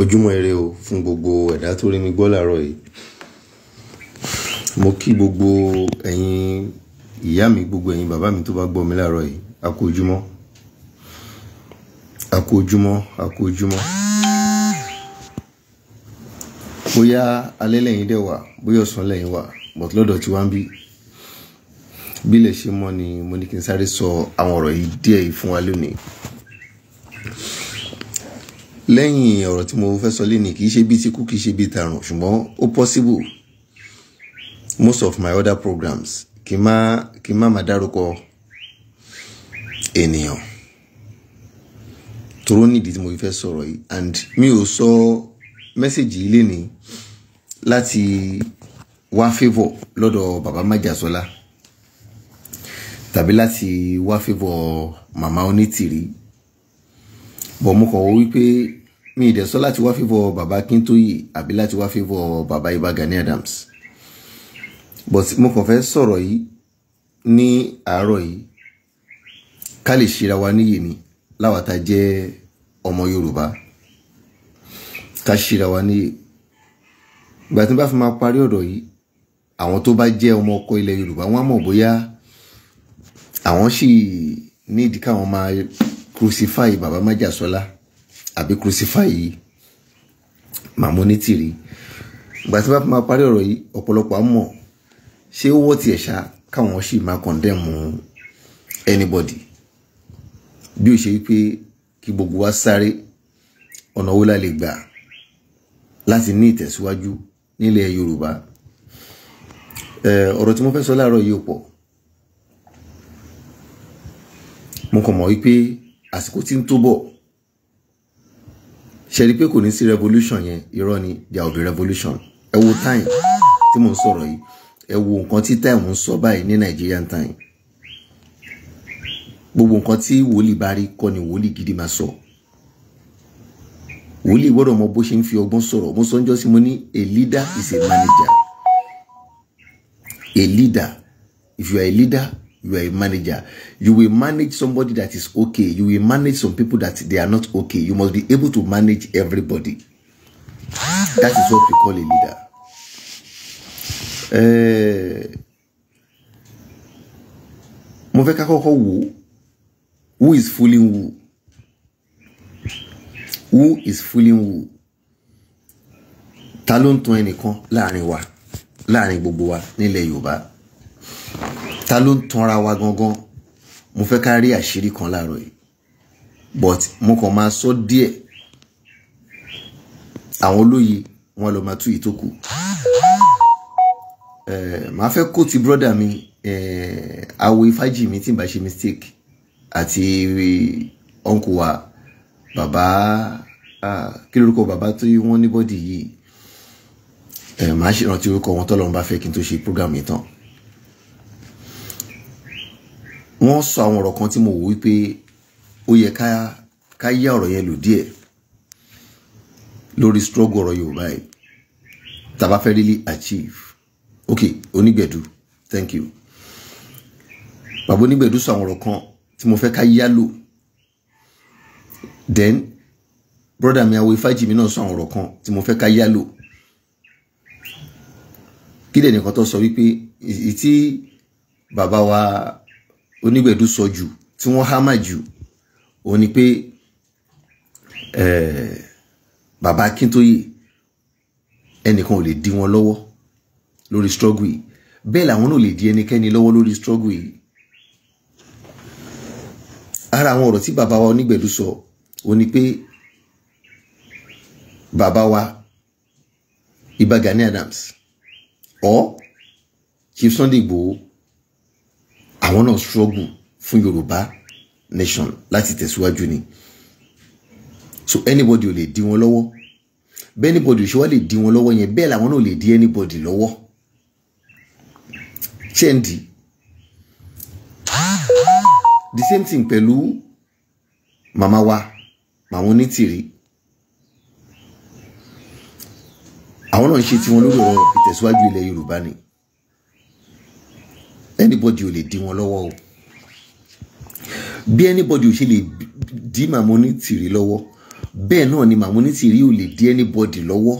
ojúmọ́ ire o fún gbogbo ẹ̀dá tó rí mi gbọ́ làárọ̀ yìí mo kí gbogbo ẹ̀yin ìyá mi gbogbo ẹ̀yin bàbá mi tó bá gbọ́ mi làárọ̀ yìí a kú ojúmọ́ a kú ojúmọ́ a kú ojúmọ́ bóyá alẹ́ lẹ́yìn dẹ̀ wà bóyá ọ̀sán lẹ́yìn wà but lọ́dọ̀ tí wá ń bí bí ilẹ̀ ṣe mọ́ ni mo ní kí n sáré sọ àwọn ọ̀rọ̀ yìí díẹ̀ yìí fún wa lónìí lẹ́yìn ọ̀rọ̀ tí mo fẹ́ sọ lẹ́nìí kì í ṣe bíi tikú kì í ṣe bíi tàrùn ṣùgbọ́n ó possible most of my other programs kì má kì má má dárúkọ ènìyàn tóró nídìí tí mo fẹ́ sọ̀rọ̀ yìí and mi ò sọ mẹ́sẹ̀gì yìí lẹ́nìí láti wá favour lọ́dọ̀ bàbá májàsọ́lá tàbí láti wá favour màmá onítìrí bọ̀ mo kàn wípé mi ì dẹ̀ sọ láti wá fífọ bàbá Kíntóyè àbí láti wá fífọ bàbá Ìbà Gani Adams but mo kàn fẹ́ sọ̀rọ̀ yìí ní àárọ̀ yìí ká lè ṣera wa níyì ni láwa ta jẹ́ ọmọ Yorùbá ká ṣera wa níyì ìgbà tí n bá fi máa parí ọ̀rọ̀ yìí àwọn tó bá jẹ́ ọmọ ọkọ ilẹ̀ Yorùbá wọ́n á mọ̀ bóyá àwọn sì nídìí káwọn máa crucify bàbá májàsọ́lá. So àbí crucify yìí màá mọ ní tìrí ìgbà tí bá máa parí ọ̀rọ̀ yìí ọ̀pọ̀lọpọ̀ á mọ̀ ṣé ó wọ́ tiẹ̀ ṣá káwọn sì máa condemn anybody bí ó ṣe wípé kí gbogbo wa sáré ọ̀nà wo la lè gbà láti ní ìtẹ̀síwájú nílẹ̀ Yorùbá ọ̀rọ̀ tí mo fẹ́ sọ láàárọ̀ yìí pọ̀ mo kàn mọ̀ wípé àsìkò tí ń tó bọ̀ ṣe rí pé kò ní sí revolution yẹn irọ́ ni there will be revolution ẹ wo time tí mò ń sọ̀rọ̀ yìí ẹ wo nǹkan tí time ń sọ báyìí ní Nigerian time gbogbo nǹkan tí wòlíì bá rí kọ́ ni wòlíì gidi máa sọ wòlíì gbọ́dọ̀ mọ bó ṣe ń fi ọgbọ́n sọ̀rọ̀ mo sọ ń jọ́ sí mo ní a leader is a manager a leader if you are a leader you are a manager you will manage somebody that is okay you will manage some people that they are not okay you must be able to manage everybody that is what we call a leader Uh, fẹ́ ká kọ́kọ́ wò who is fooling who who is fooling who ta ló ń tan ẹnìkan láàrin wa láàrin gbogbo wa nílẹ̀ Yorùbá ta ló ń tanra wa gangan mo fẹ́ ká rí àṣírí kan láàárọ̀ yìí but mo kàn máa sọ díẹ̀ àwọn olóye wọn lọ máa tú yìí tó kù eh, màá fẹ́ kó ti brọ́dà mi eh, awo ifájì mi tí n bá ṣe mistake àti ọ̀nkù wa bàbá kí lórúkọ bàbá tó yí wọ́n ní bọ́dì yìí eh, màá ṣèrántí orúkọ wọn tọ́lọ́run bá fẹ́ kí n tó ṣe program yìí tán wọ́n sọ àwọn ọ̀rọ̀ kan tí mo wò wípé ó yẹ ká ká yá ọ̀rọ̀ yẹn lò díẹ̀ lórí struggle ọ̀rọ̀ Yorùbá yìí tàbá fẹ́ really achieve ok onígbẹ̀dù thank you bàbá onígbẹ̀dù sọ àwọn ọ̀rọ̀ kan tí mo fẹ́ ká yá lò then brother mi awo ifájìmí náà sọ àwọn ọ̀rọ̀ kan tí mo fẹ́ ká yá lò kí lẹ́nìkan tó sọ wípé ìtí bàbá wa onígbẹ̀dú sọ jù tí wọ́n hámà jù ó ní pé bàbá Akíntóyè ẹnìkan ò lè dí wọn lọ́wọ́ lórí struggle yìí bẹ́ẹ̀ làwọn náà lè di ẹnikẹ́ni lọ́wọ́ lórí struggle yìí ara àwọn ọ̀rọ̀ tí bàbá wa onígbẹ̀dú sọ ó ní pé bàbá wa Ìbà Gani Adams ọ Chief Sunday Igboho àwọn náà struggle fún Yorùbá nation láti tẹ̀síwájú ni so anybody ò lè dí wọn lọ́wọ́ bẹ́ẹ̀ anybody ò ṣe wá lè dí wọn lọ́wọ́ yẹn bẹ́ẹ̀ làwọn náà ò lè dí anybody lọ́wọ́ chendi the same thing pẹ̀lú màmá wa màmá onítìrí àwọn náà ń ṣe tiwọn lórí ọ̀rọ̀ ìtẹ̀síwájú ilẹ̀ Yorùbá ni anybody ò lè dí wọn lọ́wọ́ o bí anybody ò ṣe lè dí màmá onítìrí lọ́wọ́ bẹ́ẹ̀ náà ni màmá onítìrí ò lè dí anybody lọ́wọ́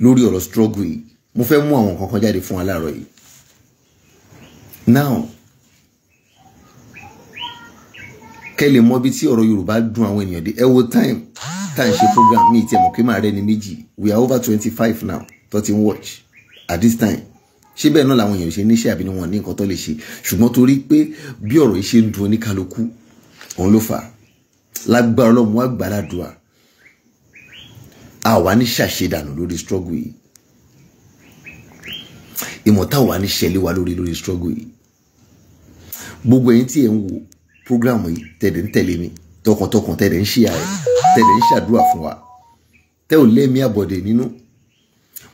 lórí ọ̀rọ̀ struggle yìí mo fẹ́ mú àwọn kankan jáde fún wa láàárọ̀ yìí now kẹ́ lè mọ bí tí ọ̀rọ̀ Yorùbá dùn àwọn ènìyàn dé ẹ time tá à ṣe program mi ìtẹ̀mọ̀ pé màá rẹ́ni méjì we are over twenty five now thirteen watch at this time ṣé bẹ́ẹ̀ náà làwọn èèyàn ṣe níṣẹ́ àbí ni wọ́n ní nǹkan tó lè ṣe ṣùgbọ́n torí pé bí ọ̀rọ̀ yìí ṣe ń dun oníkálukú òun ló fà á lágbára ọlọ́run wá gbàdúrà àwa ní ṣàṣedànù lórí struggle yìí ìmọ̀ táwa ní ṣẹlẹ̀ wa lórí lórí struggle yìí gbogbo ẹ̀yin tí ẹ̀ ń wo program yìí tẹ̀lé ń tẹ̀lé mi tọkàntọkàn tẹ̀lé ń ṣe àrẹ tẹ̀lé ń ṣàdúrà fún wa tẹ́ ò lẹ́mí àbọ̀dẹ̀ nínú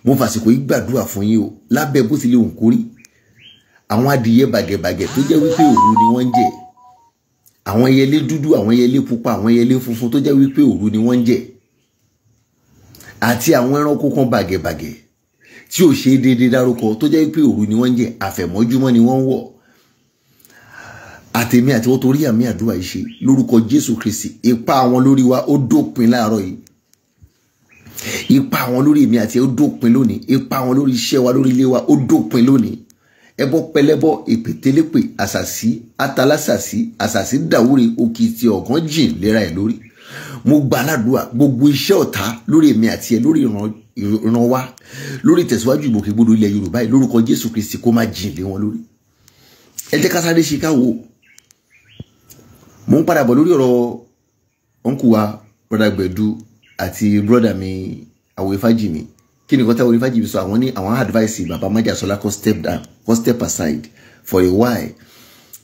mo fàsìkò yìí gbàdúrà fún yín o lábẹ́ bó ti lè hùn kórí àwọn adìyẹ bàgẹ̀bàgẹ̀ tó jẹ́ wípé òru ni wọ́n ń jẹ àwọn ẹyẹlé dúdú àwọn ẹyẹlé pupa àwọn ẹyẹlé funfun tó jẹ́ wípé òru ni wọ́n ń jẹ àti àwọn ẹranko kan bàgẹ̀bàgẹ̀ tí ò ṣe déédéé dárúkọ tó jẹ́ wípé òru ni wọ́n ń jẹ àfẹ̀mọ́júmọ́ ni wọ́n ń wọ̀ àtẹ̀mí àti wọ́n torí àmì àdúrà yìí ṣe lórúkọ Jésù Kristi ipá wọn lórí wa ó dópin láàárọ̀ yìí ipa àwọn lórí èmi àti ó dópin lónìí ipa àwọn lórí iṣẹ́ wa lórí ilé wa ó dópin lónìí ẹbọ pẹlẹbọ èpètélépè àṣàsí atalásàsí àṣàsí dàwúre òkìtì ọ̀gán jìn lera ẹ̀ lórí mo gba aládùúgbà gbogbo iṣẹ́ ọ̀tá lórí èmi àti ẹ lórí ìran wa lórí ìtẹ̀síwájú ìgbòkègbodò ilẹ̀ Yorùbá yìí lórúkọ Jésù Kristi kó má jìn lé wọn lórí ẹ jẹ́ ká sáré ṣe ká wò mo ń padà bọ̀ lórí ọ̀rọ̀ ọ̀nkùwà rọ̀dàgbẹ̀dù àti brọ́dà mi Àwòyẹ̀fájìmí kí ni kọ́tà Àwòyẹ̀fájìmí sọ àwọn ní àwọn advice bàbá Májàsọ́lá kó step down kó step aside for a while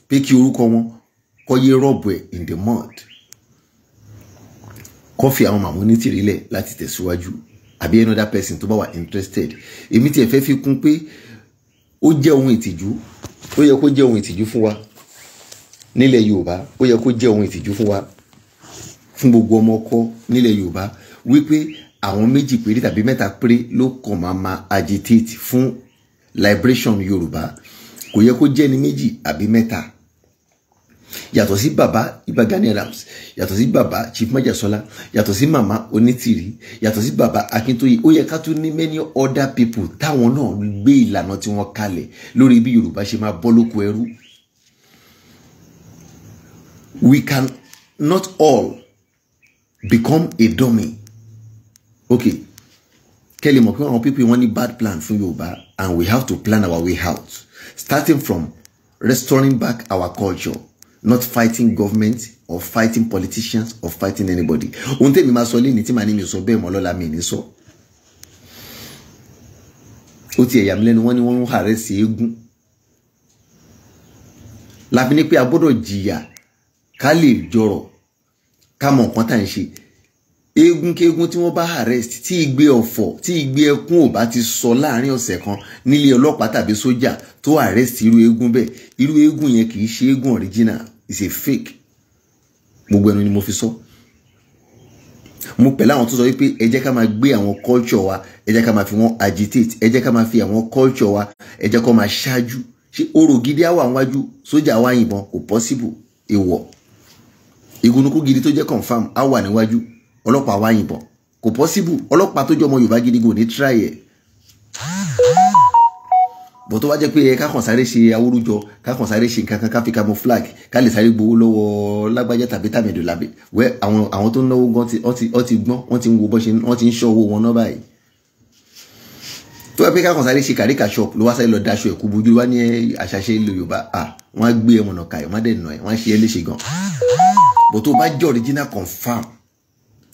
pé kí orúkọ wọn kó yé rọ́ọ̀bù ẹ̀ in the mud kó fi àwọn màmú ní tìrílẹ̀ láti tẹ̀síwájú àbí another person tó bá wà interested èmi tiẹ̀ fẹ́ fi kún pé ó jẹ́ ohun ìtìjú ó yẹ kó jẹ́ ohun ìtìjú fún wa nílẹ̀ Yorùbá ó yẹ kó jẹ́ ohun ìtìjú fún wa fún gbogbo ọmọ ọkọ nílẹ̀ Yorùbá wípé àwọn méjì péré tàbí mẹ́ta péré ló kàn máa ma agitate fún liberation Yorùbá kò yẹ kó jẹ́ ni méjì àbí mẹ́ta yàtọ̀ sí bàbá Ìbà Adams yàtọ̀ sí bàbá Chief Májàsọ́lá yàtọ̀ sí màmá Onítìrí yàtọ̀ sí bàbá Akíntóyè ó yẹ ká tún ní many other people táwọn náà gbé ìlànà tí wọ́n kalẹ̀ lórí bí Yorùbá ṣe máa bọ́ lóko ẹrú we can not all become a dummy okay Kelly, mọ̀ pé àwọn people wọ́n ní bad plan fún Yorùbá and we have to plan our way out starting from restoring back our culture not fighting government or fighting politicians or fighting anybody ohun tẹ́mi máa sọ lẹ́ni tí màá ní mi sọ bẹ́ẹ̀ mọ́ lọ́la mi ní sọ ó ti ẹ̀yà mi lẹ́nu wọ́n ní wọ́n ń hàrẹ́ sí eégún láfi ní pé a gbọ́dọ̀ jìyà ká lè jọrọ̀ ká mọ̀ nǹkan tá à ń ṣe eégún tí wọ́n bá arrest tí igbe ọ̀fọ̀ tí igbe ẹkún ò bá ti sọ láàrin ọ̀sẹ̀ kan nílé ọlọ́pàá tàbí sójà tó arrest irú eégún bẹ́ẹ̀ irú eégún yẹn kì í ṣe eégún original it's a fake gbogbo ẹnu ni mo fi sọ mo pẹ̀lú àwọn tó sọ wípé ẹ ká máa gbé àwọn culture wa ẹ ká máa fi wọ́n agitate ẹ jẹ́ ká máa fi àwọn culture wa ẹ jẹ́ kó máa ṣáájú ṣé orò gidi á wà sójà wá yìnbọn kò possible èèwọ̀. E ìgunnukú gidi tó jẹ́ confam á wà níwájú ọlọ́pàá wá yìnbọn kò possible ọlọ́pàá tó jẹ́ ọmọ Yorùbá gidi kò ní try ẹ̀ bó tó wá jẹ́ pé ẹ ká kàn sáré ṣe awúrújọ ká kàn sáré ṣe nǹkan kan ká fi camouflage ká lè sáré gbowó lọ́wọ́ lágbájá tàbí tàmẹ̀dò làbẹ̀ wẹ́ àwọn àwọn tó ń náwó gan wọ́n ti gbọ́n wọ́n ti ń wo bọ́ ṣe wọ́n ti ń ṣọ́ owó wọn náà báyìí. tó wá pé ká kàn sáré ṣe kàríkà shop ló wá sáré lọ daṣọ ẹ̀kú bojú wá ní àṣàṣe ilẹ̀ Yorùbá à wọ́n á gbé ẹ̀mọ̀nà kàì wọ́n á dẹ̀ nà ẹ̀ wọ́n á ṣe ẹ́ léṣe gan bó tó bá jẹ́ original confam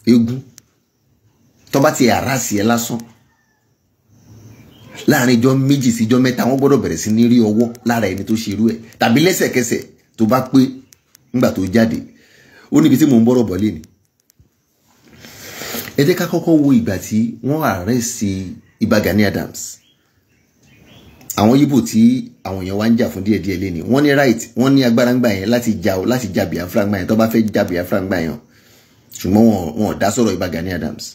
egu tó bá ti ara sí ẹ lásán láàrin ijọ́ méjì sí ijọ́ mẹ́ta wọ́n gbọ́dọ̀ bẹ̀rẹ̀ sí ní rí ọwọ́ lára ẹni tó ṣerú ẹ̀ tàbí lẹ́sẹ̀kẹsẹ̀ tó bá pé nígbà tó jáde ó níbi tí mò ń bọ́rọ̀ bọ̀ lé ni. ẹ jẹ́ ká kọ́kọ́ wo ìgbà tí wọ́n àrẹ́sì Ìbà Gani Adams àwọn yíbò tí àwọn èèyàn wá ń jà fún díẹ̀díẹ̀ lẹ́ni wọ́n ní right wọ́n ní agbára ńgbà yẹn láti jà o láti jà Biafra ńgbà yẹn tó bá fẹ́ jà Biafra ńgbà yẹn ṣùgbọ́n wọn wọn dá sọ̀rọ̀ Ìbà Adams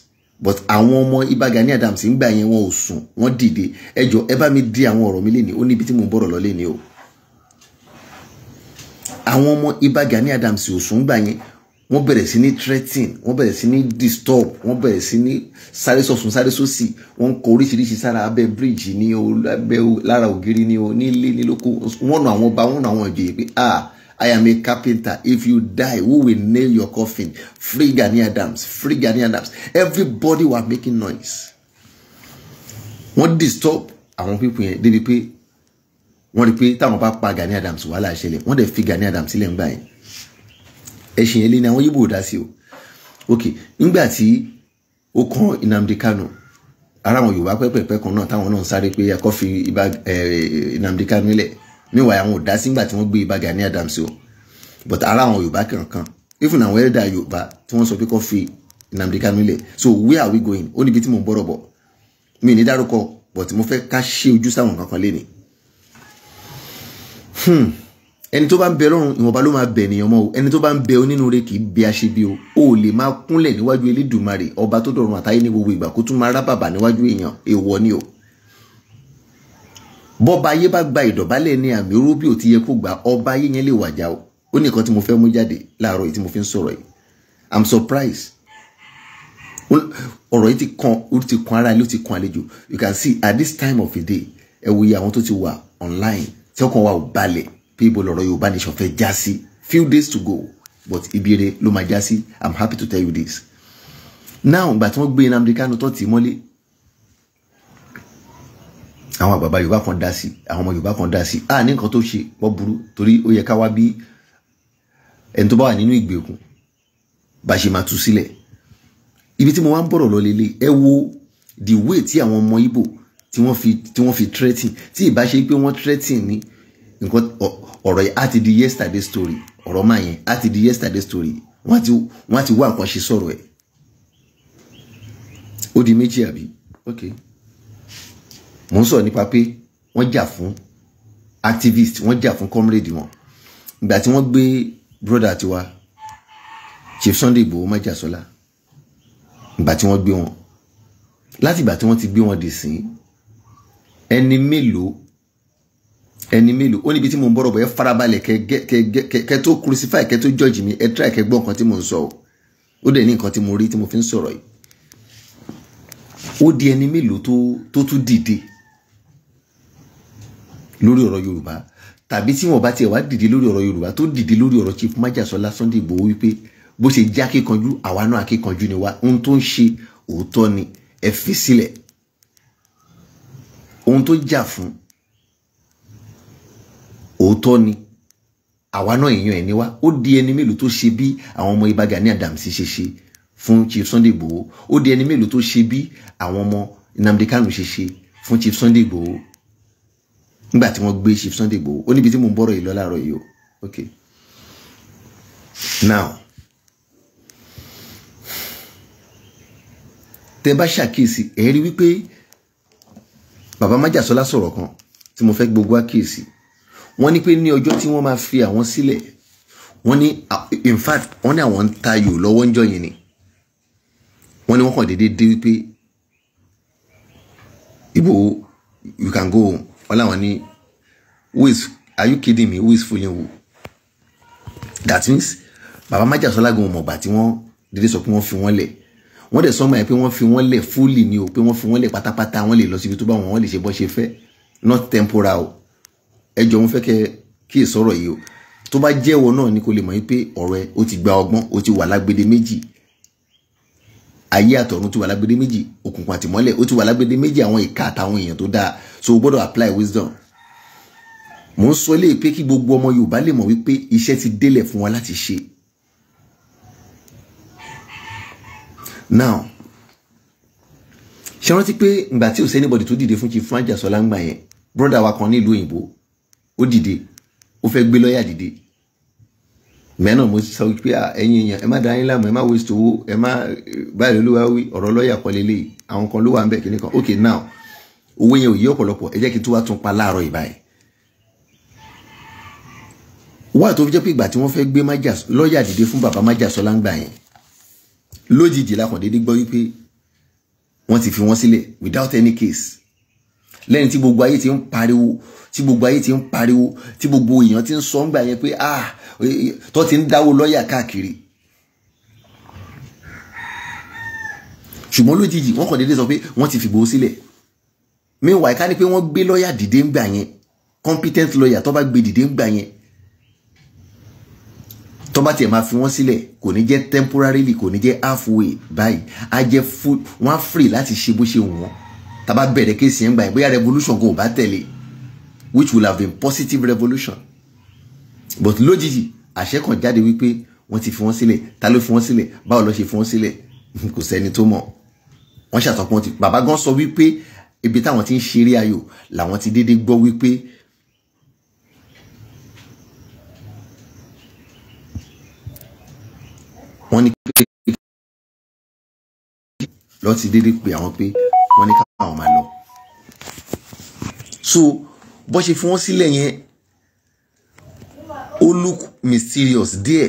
but àwọn ọmọ Ìbà Gani Adams ńgbà yẹn wọn ò sùn wọ́n dìde ẹ ẹ bá mi di àwọn ọ̀rọ̀ mi lẹ́ni ó níbi tí mò ń bọ̀rọ̀ lọ lẹ́ni o àwọn ọmọ Ìbà Adams ò sùn ńgbà yẹn wọ́n bẹ̀rẹ̀ sí ní threatening wọ́n bẹ̀rẹ̀ sí ní disturb wọ́n bẹ̀rẹ̀ sí ní sáré sọ̀sùn sáré sósì wọ́n kọ oríṣiríṣi sára abẹ́ bíríìjì ní o lábẹ́ lára ògiri ní o nílé nílòkó wọ́n nà àwọn ọba wọ́n nà àwọn ìjòyè pé ah I am a carpenter if you die who will nail your coffin free Gani Adams free Gani Adams everybody were making noise wọ́n disturb àwọn pípọ̀ yẹn débi pé wọ́n rí pé táwọn bá pa Gani Adams wàhálà ṣẹlẹ̀ wọ́n dẹ̀ fi Gani Adams sílẹ̀ ńgbà yẹn ẹ̀sìn yẹn lé ní àwọn yìí bò dá sí o ok nígbà tí ó kan Nnamdi Kanu ara àwọn Yorùbá pẹ́pẹ́pẹ́ kan náà táwọn náà ń sáré pé akọ́ fi ibà eh, Nnamdi Kanu lẹ̀ níwàá àwọn ò dá sí nígbà tí wọ́n gbé ibà Gani Adams o but ara àwọn Yorùbá kankan even àwọn ẹ̀dá Yorùbá tí wọ́n sọ pé kọ́ fi Nnamdi Kanu lẹ̀ so where are we going ó níbi tí mò ń bọ̀rọ̀ bọ̀ mi ní dárúkọ but mo fẹ́ ká ṣe ojú sáwọn kankan lénìí. Hmm ẹni tó bá ń bẹ lọ́run ìwọ̀nba ló máa bẹ ènìyàn mọ́ o ẹni tó bá ń bẹ onínúure kì í bẹ aṣebi o ò lè máa kúnlẹ̀ níwájú elédùmarè ọba tó dọ̀run àtayé ní gbogbo ìgbà kó tún máa rábàbà níwájú èèyàn èèwọ̀ ni o. bọ́ba ayé bá gba ìdọ̀bálẹ̀ ní àmì oró bí ò ti yẹ kó gba ọba ayé yẹn lè wàjà o ó ní nǹkan tí mo fẹ́ mú jáde láàárọ̀ yìí tí mo fi ń sọ̀rọ̀ yìí surprised ọ̀rọ̀ yìí ti kan ó ti you can see at this time of the day ẹ wo iye àwọn online tí ọkàn pé ibo lọ̀rọ̀ Yorùbá nation fẹ́ já sí few days to go but ibi rẹ̀ ló máa já sí i'm happy to tell you this now ìgbà tí wọ́n gbé Nnamdi Kanu tó tì í mọ́lé àwọn bàbá Yorùbá kan dá sí àwọn ọmọ Yorùbá kan dá sí a ní nǹkan tó ṣe wọ́n burú torí ó yẹ ká wá bí ẹni tó bá wà nínú ìgbèkùn bá ṣe máa tú sílẹ̀ ibi tí mo wá ń bọ̀rọ̀ lọ lélẹ̀ ẹ wo the way tí àwọn ọmọ Ìgbò tí wọ́n fi tí wọ́n fi threaten tí ìbá ṣe pé wọ́n threaten ní nǹkan ọ̀rọ̀ yẹn á di yesterday story ọ̀rọ̀ máa yẹn á di yesterday story wọ́n ti wọ́n ti wá nǹkan ṣe sọ̀rọ̀ ẹ̀ ó di méjì àbí ok mò ń sọ̀rọ̀ nípa pé wọ́n jà fún activist wọ́n jà fún comrade wọn ìgbà tí wọ́n gbé broda tiwa Chief Sunday Igboho májàsọ́lá ìgbà tí wọ́n gbé wọn láti ìgbà tí wọ́n ti gbé wọn dì sí ẹni mélòó ẹni mélòó ó níbi tí mo ń bọ̀rọ̀ bọ̀ ẹ farabalẹ̀ kẹ tó crucify kẹ tó judge mi ẹ try kẹ gbọ́ nǹkan tí mo ń sọ o ó dẹ̀ ní nǹkan tí mo rí tí mo fi ń sọ̀rọ̀ yìí ó di ẹni mélòó tó tún dìde lórí ọ̀rọ̀ Yorùbá tàbí tí wọn bá tiẹ̀ wá dìde lórí ọ̀rọ̀ Yorùbá tó dìde lórí ọ̀rọ̀ Chief Májàsọ́lá Sunday Igboho wípé bó ṣe jẹ́ akíkanjú àwa náà akíkanjú ni wá ohun tó ń ṣe òótọ́ ni ẹ fi sílẹ̀ ohun tó jà fún òótọ́ ni àwa náà èèyàn ẹ̀ ní wá ó di ẹni mélòó tó ṣe bí àwọn ọmọ Ìbà Gani adamsi ṣe ṣe fún Chief Sunday Igboho ó di ẹni mélòó tó ṣe bí àwọn ọmọ Nnamdi Kanu ṣe ṣe fún Chief Sunday Igboho nígbà tí wọ́n gbé Chief Sunday Igboho ó níbi tí mò ń bọ̀rọ̀ yìí lọ yìí o okay now tẹ bá ṣàkíyèsí ẹ rí wípé bàbá májàsọlá sọ̀rọ̀ kan tí mo fẹ́ gbogbo àkíyèsí wọ́n ní pé ní ọjọ́ tí wọ́n máa fi àwọn sílẹ̀ wọ́n ní in fact wọ́n ní àwọn ń tayò lọ́wọ́ ń jọ yẹn ni wọ́n ní wọ́n kàn déédéé dé wípé ibo you can go home wọ́n láwọn ní who is are you kidding me who is fooling you? that means bàbá májàsọ́lá gan mọ̀gbà tí wọ́n déédéé sọ pé wọ́n fi wọ́n lẹ̀ wọ́n dẹ̀ sọ́mọ́ ẹ̀ pé wọ́n fi wọ́n lẹ̀ fúlì ni o pé wọ́n fi wọ́n lẹ̀ pátápátá wọ́n lè lọ síbi tó bá wọn wọ́n lè ṣe bọ́ ṣe fẹ́ not temporal o ẹ jọ mo fẹ́ kẹ́ kí ẹ sọ̀rọ̀ yìí o tó bá jẹ́ ìwọ náà ni kò lè mọ̀ pé ọ̀rọ̀ ẹ ó ti gba ọgbọ́n ó ti wà lágbede méjì ayé àtọ̀run ti wà lágbede méjì òkùnkùn àtìmọ́lẹ̀ ó ti wà lágbede méjì àwọn ìka àtàwọn èèyàn tó dáa so o gbọ́dọ̀ apply wisdom mo ń sọ eléyìí pé kí gbogbo ọmọ Yorùbá lè mọ̀ wípé iṣẹ́ ti délẹ̀ fún wọn láti ṣe now ṣe rántí pé ìgbà tí ò sẹ́nibọ̀dì tó dìde fún Chief Franji Aṣọ́lá ń yẹn brọ́dà wa kan nílùú òyìnbó ó dìde ó fẹ́ gbé lọ́ọ̀yà dìde mẹ́rin náà mo sọ pé ẹ̀yin èèyàn ẹ má da yín láàmú ẹ má waste owó ẹ má báyìí ló wá wí ọ̀rọ̀ lọ́ọ̀yà kọ́ lélẹ́yìí àwọn kan ló wà ń bẹ̀ kíní kan ok now owó yẹn ò yí ọ̀pọ̀lọpọ̀ ẹ jẹ́ kí tó wá tún pa láàárọ̀ ìbáyìí wà tó fi jẹ́ pé ìgbà tí wọ́n fẹ́ gbé lọ́ọ̀yà dìde fún bàbá Májàsọ́lá ń gbà yẹn lójijì la kàn gbọ́ wípé wọ́n ti fi wọ́n sílẹ̀ without any case lẹ́yìn tí gbogbo ayé ti ń pariwo tí gbogbo ayé ti ń pariwo tí gbogbo èèyàn ti ń sọ ń gbà yẹn pé ah e, e, tó ti ń dáwó lọ́ọ̀yà káàkiri. ṣùgbọ́n lójijì wọ́n kàn déédéé sọ pé wọ́n ti fìgbò sílẹ̀ meanwhile ká ní pé wọ́n gbé lọ́ọ̀yà dìde ń gbà yẹn competent lawyer tó bá gbé dìde ń gbà yẹn tó bá tiẹ̀ máa fi wọ́n sílẹ̀ kò ní jẹ́ temporarily kò ní jẹ́ halfway báyìí á jẹ́ wọ́n á free láti ṣe bó ṣe wù wọ́n tàbá bẹ̀rẹ̀ kéèsì yẹn gbà yẹn bóyá revolution kò bá tẹ̀lé which will have been positive revolution but lójijì àṣẹ kan jáde wípé wọ́n ti fi wọ́n sílẹ̀ ta ló fi wọ́n sílẹ̀ báwo ló ṣe fi wọ́n sílẹ̀ kò sẹ́ni tó mọ̀ wọ́n ṣàtọ̀pọ̀ ti bàbá gan sọ wípé ibi táwọn ti ń ṣeré ayò làwọn ti déédéé gbọ́ wípé wọ́n ní pé lọ́ọ́ ti déédéé pé àwọn pé wọ́n ní káwọn máa lọ so bó ṣe fi wọ́n sílẹ̀ yẹn ó look mysterious díẹ̀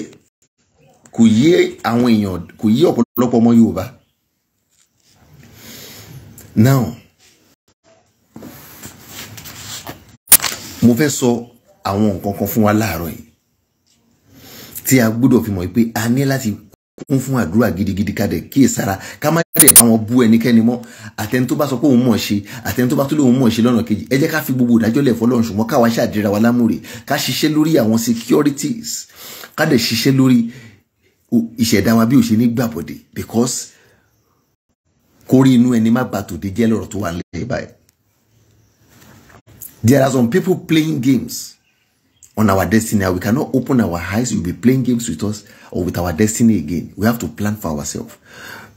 kò yé àwọn èèyàn kò yé ọ̀pọ̀lọpọ̀ ọmọ Yorùbá now mo fẹ́ sọ àwọn nǹkan kan fún wa láàárọ̀ yìí tí a gbọ́dọ̀ fi mọ̀ pé a ní láti kún fún àdúrà gidigidi ká dẹ̀ kíyè sára ká má dẹ̀ bá wọn bú ẹnikẹ́ni mọ́ àtẹni tó bá sọ pé òun mọ̀ ṣe àtẹni tó bá tún lè òun mọ̀ ṣe lọ́nà kejì ẹ ká fi gbogbo ìdájọ́ lẹ̀ fọlọ́run ṣùgbọ́n káwa ṣàdíra wa lámúre ká ṣiṣẹ́ lórí àwọn securities ká dẹ̀ ṣiṣẹ́ lórí ìṣẹ̀dá wa bí ò ṣe ní gbàbọ̀dẹ̀ because kórí inú ẹni má ba tòde jẹ́ lọ́rọ̀ tó wà nílẹ̀ báyìí there are some people playing games on our destiny. We cannot open our eyes. You'll be playing games with us or with our destiny again. We have to plan for ourselves.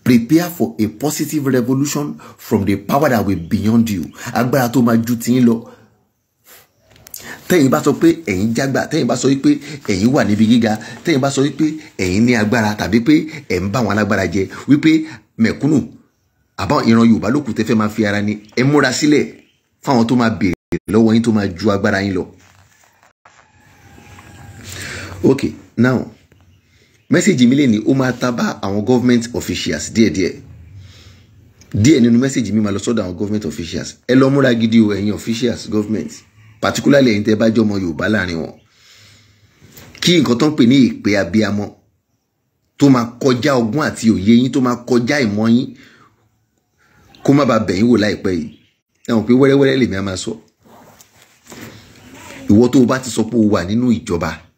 Prepare for a positive revolution from the power that will be beyond you. Agbára tó máa ju tiyín lọ. Tẹ́yìn bá sọ pé ẹ̀yin jágbà, tẹ́yìn bá sọ pé ẹ̀yin wà níbi gíga, tẹ́yìn bá sọ pé ẹ̀yin ní agbára tàbí pé ẹ̀ ń bá wọn alágbára jẹ wípé mẹ̀kúnnù àbá ìran Yorùbá lókùtẹ́fẹ́ máa fi ara ni ẹ múra sílẹ̀ fáwọn tó máa béèrè lọ́wọ́ yín tó máa ju agbára yín lọ ok now message mi lè ní ó máa tábà àwọn government officials díẹ̀díẹ̀ díẹ̀ nínú mẹ́sẹ̀gì mi máa lọ sọ́dọ̀ àwọn government officials ẹ lọ múra gidi o ẹ̀yin officials government particularly ẹ̀yin tẹ́ bá jọmọ Yorùbá láàrin wọn kí nǹkan tó ń pè ní ìpè abiyamọ tó máa kọjá ọgbọ́n àti òye yín tó máa kọjá ìmọ̀ yín kó má bàa bẹ̀yìn wò láìpẹ́ yìí ẹ̀wọ̀n pé wẹ́rẹ́wẹ́rẹ́ lèmi á máa sọ ìwọ tó o bá ti sọ pé o wà nínú ìjọba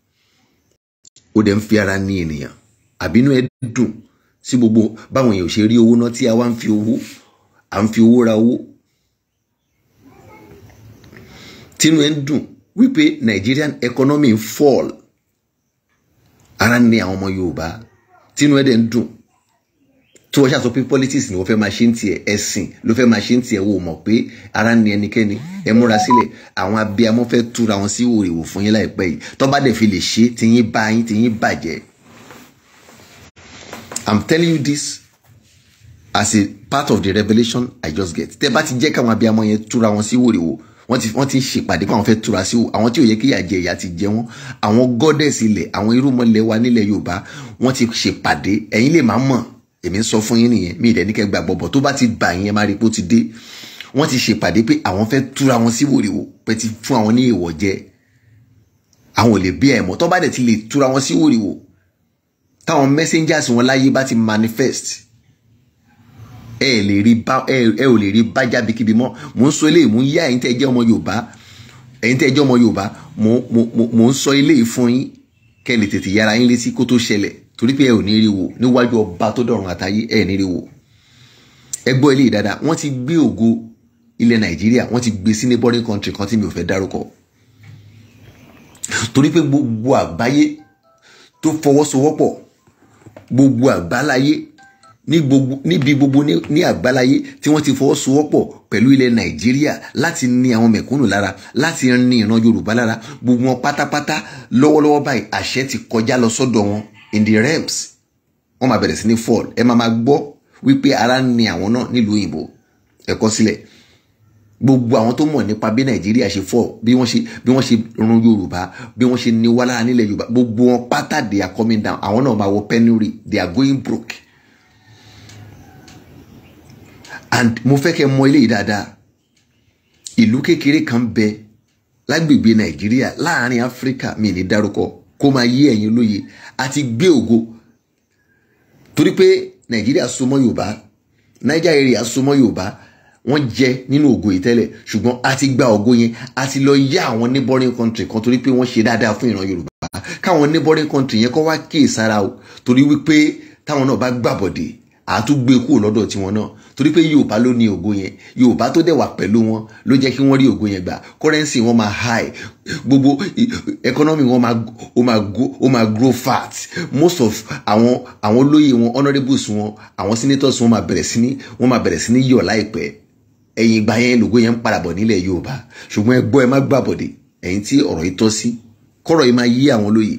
O dẹ̀ ń fi ara ní ènìyàn àbínú ẹ dùn sí gbogbo báwọn èèyàn ṣe rí owó náà tí a wá ń fi owó à ń fi owó ra owó tínú ẹ ń dùn wípé Nigerian economy fall ara ní omo ọmọ Yorùbá tínú ẹ dẹ̀ ń dùn tí wọ́n ṣàṣọ pé politics ni wọ́n fẹ́ máa ṣe ń tiẹ̀ ẹ̀sìn ló fẹ́ máa ṣe ń tiẹ̀ wò mọ̀ pé ara ni ẹnikẹ́ni ẹ múra sílẹ̀ àwọn abiyamọ fẹ́ túra wọn sí òrèwò fún yín láìpẹ́ yìí tó bá dẹ̀ fi lè ṣe tiyín bá yín tiyín bàjẹ́. I'm telling you this as a part of the revelation I just get tẹ́ bá ti jẹ́ káwọn abiyamọ yẹn túra wọn sí òrèwò wọ́n ti wọ́n ti ṣèpàdé kó àwọn fẹ́ tura sí o àwọn tí ò yẹ kí ìyà jẹ ìyà ti jẹ wọ́n àwọn gọ́dẹ̀sì ilẹ̀ àwọn irúmọlẹ̀ wa nílẹ̀ Yorùbá wọ́n ti ṣèpàdé ẹ̀yin lè má mọ̀ èmi ń sọ fún yín nìyẹn mi ìdẹ́ni kẹ́ gbàgbọ́ bọ̀ tó bá ti bà yín ẹ má rí pé ó ti dé wọ́n ti ṣèpàdé pé àwọn fẹ́ túra wọn sí wòrìwò pé ti fún àwọn ní èèwọ̀ jẹ àwọn ò lè bí ẹ̀mọ́ tó bá dẹ̀ ti lè túra wọn sí wòrìwò táwọn messengers wọn láyé bá ti manifest ẹ ẹ lè rí bá ẹ ò lè rí bá jábikíbi mọ́ mò ń sọ eléyìí mò ń yá ẹ̀yin tẹ́ jẹ́ ọmọ Yorùbá ẹ̀yin tẹ́ jẹ́ ọmọ Yorùbá mò ń sọ eléyìí fún yín kẹ́ lè tètè yára yín létí kó tó ṣẹlẹ̀ torí pé ẹ ò ní rí wò níwájú ọba tó dọ̀run àtayé ẹ ní rí wò ẹ gbọ́ eléyìí dáadáa wọ́n ti gbé ògo ilẹ̀ nàìjíríà wọ́n ti gbé sí neighboring country kan tí mi ò fẹ́ dárúkọ torí pé gbogbo àgbáyé tó fọwọ́sowọ́pọ̀ gbogbo àgbáláyé ní gbogbo níbi gbogbo ní àgbáláyé tí wọ́n ti fọwọ́sowọ́pọ̀ pẹ̀lú ilẹ̀ nàìjíríà láti ní àwọn mẹ̀kúnnù lára láti ní ìran yorùbá lára gbogbo wọn pátápátá lọ́wọ́lọ́wọ́ báyìí àṣẹ ti kọjá lọ sọ́dọ̀ wọn in the realms wọ́n máa bẹ̀rẹ̀ sí ní fall ẹ máa máa gbọ́ wípé ara ń ni àwọn náà nílùú òyìnbó ẹ̀kọ́ sílẹ̀ gbogbo àwọn tó mọ̀ nípa bí nàìjíríà ṣe fọ́ bí wọ́n ṣe bí wọ́n ṣe run yorùbá bí wọ́n ṣe ní wá nílẹ̀ yorùbá gbogbo wọn pátá they are coming down àwọn náà máa wọ penury they are going broke and mo fẹ́ kẹ́ mọ eléyìí dáadáa ìlú kékeré kan bẹ lágbègbè nàìjíríà láàrin áfíríkà mi ní dárúkọ kó máa yé ẹ̀yin olóye àti gbé ògo torí pé nàìjíríà súnmọ́ yorùbá niger area súnmọ́ yorùbá wọ́n jẹ nínú ògo yìí tẹ́lẹ̀ ṣùgbọ́n a ti gba ògo yẹn a ti lọ yá àwọn neighboring country kan torí pé wọ́n ṣe dáadáa fún ìran yorùbá káwọn neighboring country yẹn kọ́ wá kíyèsára o torí wípé táwọn náà bá gbàbọ̀dé àá tún lọ́dọ̀ tiwọn náà torí pé yorùbá ló ní ògo yẹn yorùbá tó dẹ̀ wà pẹ̀lú wọn ló jẹ́ kí wọ́n rí ògo yẹn gbà kọ́rẹ́nsì wọn máa high gbogbo economy wọn máa grow fat most of àwọn àwọn olóyè wọn honourables wọn àwọn senators wọn máa bẹ̀rẹ̀ sí ní wọn máa bẹ̀rẹ̀ sí ní yọ̀ láìpẹ́ ẹ̀yìn ìgbà yẹn lògo yẹn ń padà bọ̀ nílẹ̀ yorùbá ṣùgbọ́n ẹ gbọ́ ẹ má gbàbọ̀dé ẹ̀yìn tí ọ̀rọ̀ yìí tọ́ sí kọ́rọ̀ yìí máa yí àwọn olóyè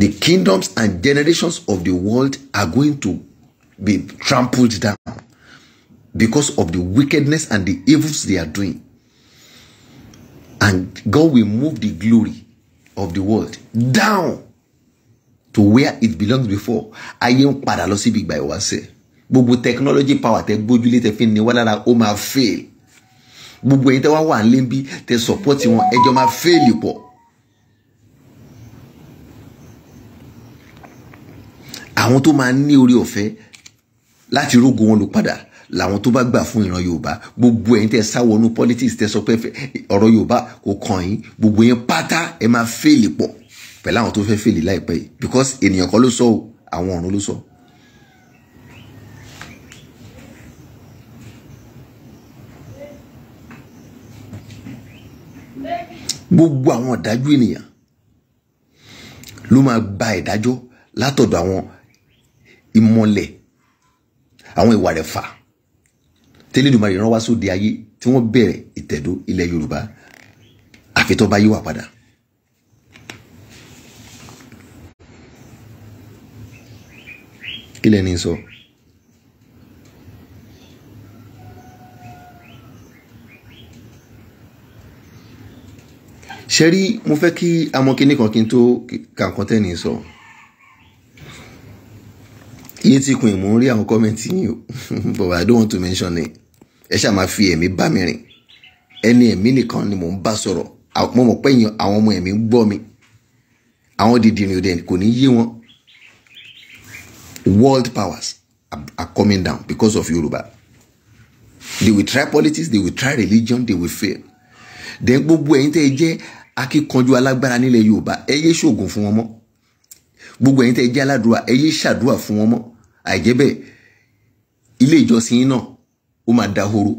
The kingdoms and generations of the world are going to be trampled down because of the wickedness and the evils they are doing. And God will move the glory of the world down to where it belongs before. Ayé ń padà big síbi wase, ìwáṣẹ̀. technology power tẹ gbójúlé tẹ fi ní wala lára ó máa fail. Gbogbo ẹ̀yin tẹ wá wà nílé bí tẹ support wọn ẹjọ́ máa fail pọ̀. Àwọn tó máa ní orí ọ̀fẹ́ láti rógun wọn lù padà làwọn tó bá gbà fún ìran yorùbá gbogbo ẹ̀yin tẹ́ sá wọnú politics tẹ́ sọ pé ọ̀rọ̀ yorùbá kò kàn yín gbogbo yẹn pátá ẹ máa fèlè pọ̀ pẹ̀lú àwọn tó fẹ́ fèlè láìpẹ́ yìí because ènìyàn kan ló sọ o àwọn ọ̀run ló sọ. gbogbo àwọn ọ̀dájú ènìyàn ló máa gba ìdájọ́ látọ̀dọ̀ àwọn ìmọ̀lẹ̀ àwọn ìwà rẹ̀ fà tẹ́lẹ̀dùmarè rán wá sóde ayé tí wọ́n bẹ̀rẹ̀ ìtẹ̀dó ilẹ̀ Yorùbá àfi tó bá yíwà padà. kí lẹ́ni sọ. ṣe rí mo fẹ́ kí amọ̀kíní kan kí n tó kà ń kọ́tẹ́ sọ. So iye tí kun ìmú ń rí àwọn kọ́mẹ̀ntì yìí o but I don't want to mention it ẹ ṣáà máa fi ẹ̀mí bá mi rìn ẹni ẹ̀mí nìkan ni mò ń bá sọ̀rọ̀ mo mọ̀ pé àwọn ọmọ ẹ̀mí ń gbọ́ mi àwọn dìdìrìn òde kò ní yé wọn world powers are coming down because of Yoruba. they will try politics they will try religion they will fail then gbogbo ẹ̀yin tẹ́ ẹ jẹ́ akíkanjú alágbára nílẹ̀ Yorùbá ẹ yé ṣoògùn fún wọn mọ́ gbogbo ẹ̀yin tẹ́ ẹ jẹ́ aládùúrà ẹ yé ṣàdúrà fún wọn mọ́ àìjẹ́ bẹ́ẹ̀ ilé ìjọsìn náà ó máa dahoro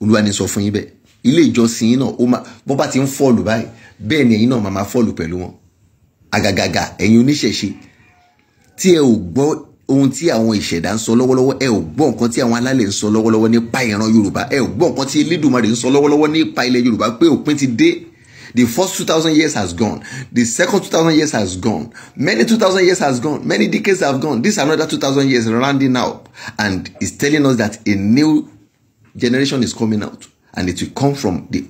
olúwa ni sọ fún yín bẹ́ẹ̀ ilé ìjọsìn yín náà ó máa bọ́ bá ti ń fọ́ọ̀lù báyìí bẹ́ẹ̀ ni ẹ̀yin náà máa máa fọ́ọ̀lù pẹ̀lú wọn àgàgàgà ẹ̀yin oníṣẹ̀ṣe tí ẹ ò gbọ́ ohun tí àwọn ìṣẹ̀dá ń sọ lọ́wọ́lọ́wọ́ ẹ ò gbọ́ nǹkan tí àwọn alálẹ̀ ń sọ lọ́wọ́lọ́wọ́ nípa ìran yorùbá ẹ ò gbọ́ nǹkan tí elédùmarè ń sọ lọ́wọ́lọ́wọ́ nípa ilẹ̀ yorùbá pé òpin ti dé The first 2,000 years has gone. The second 2,000 years has gone. Many 2,000 years has gone. Many decades have gone. This another 2,000 years running up. And it's telling us that a new generation is coming out. And it will come from the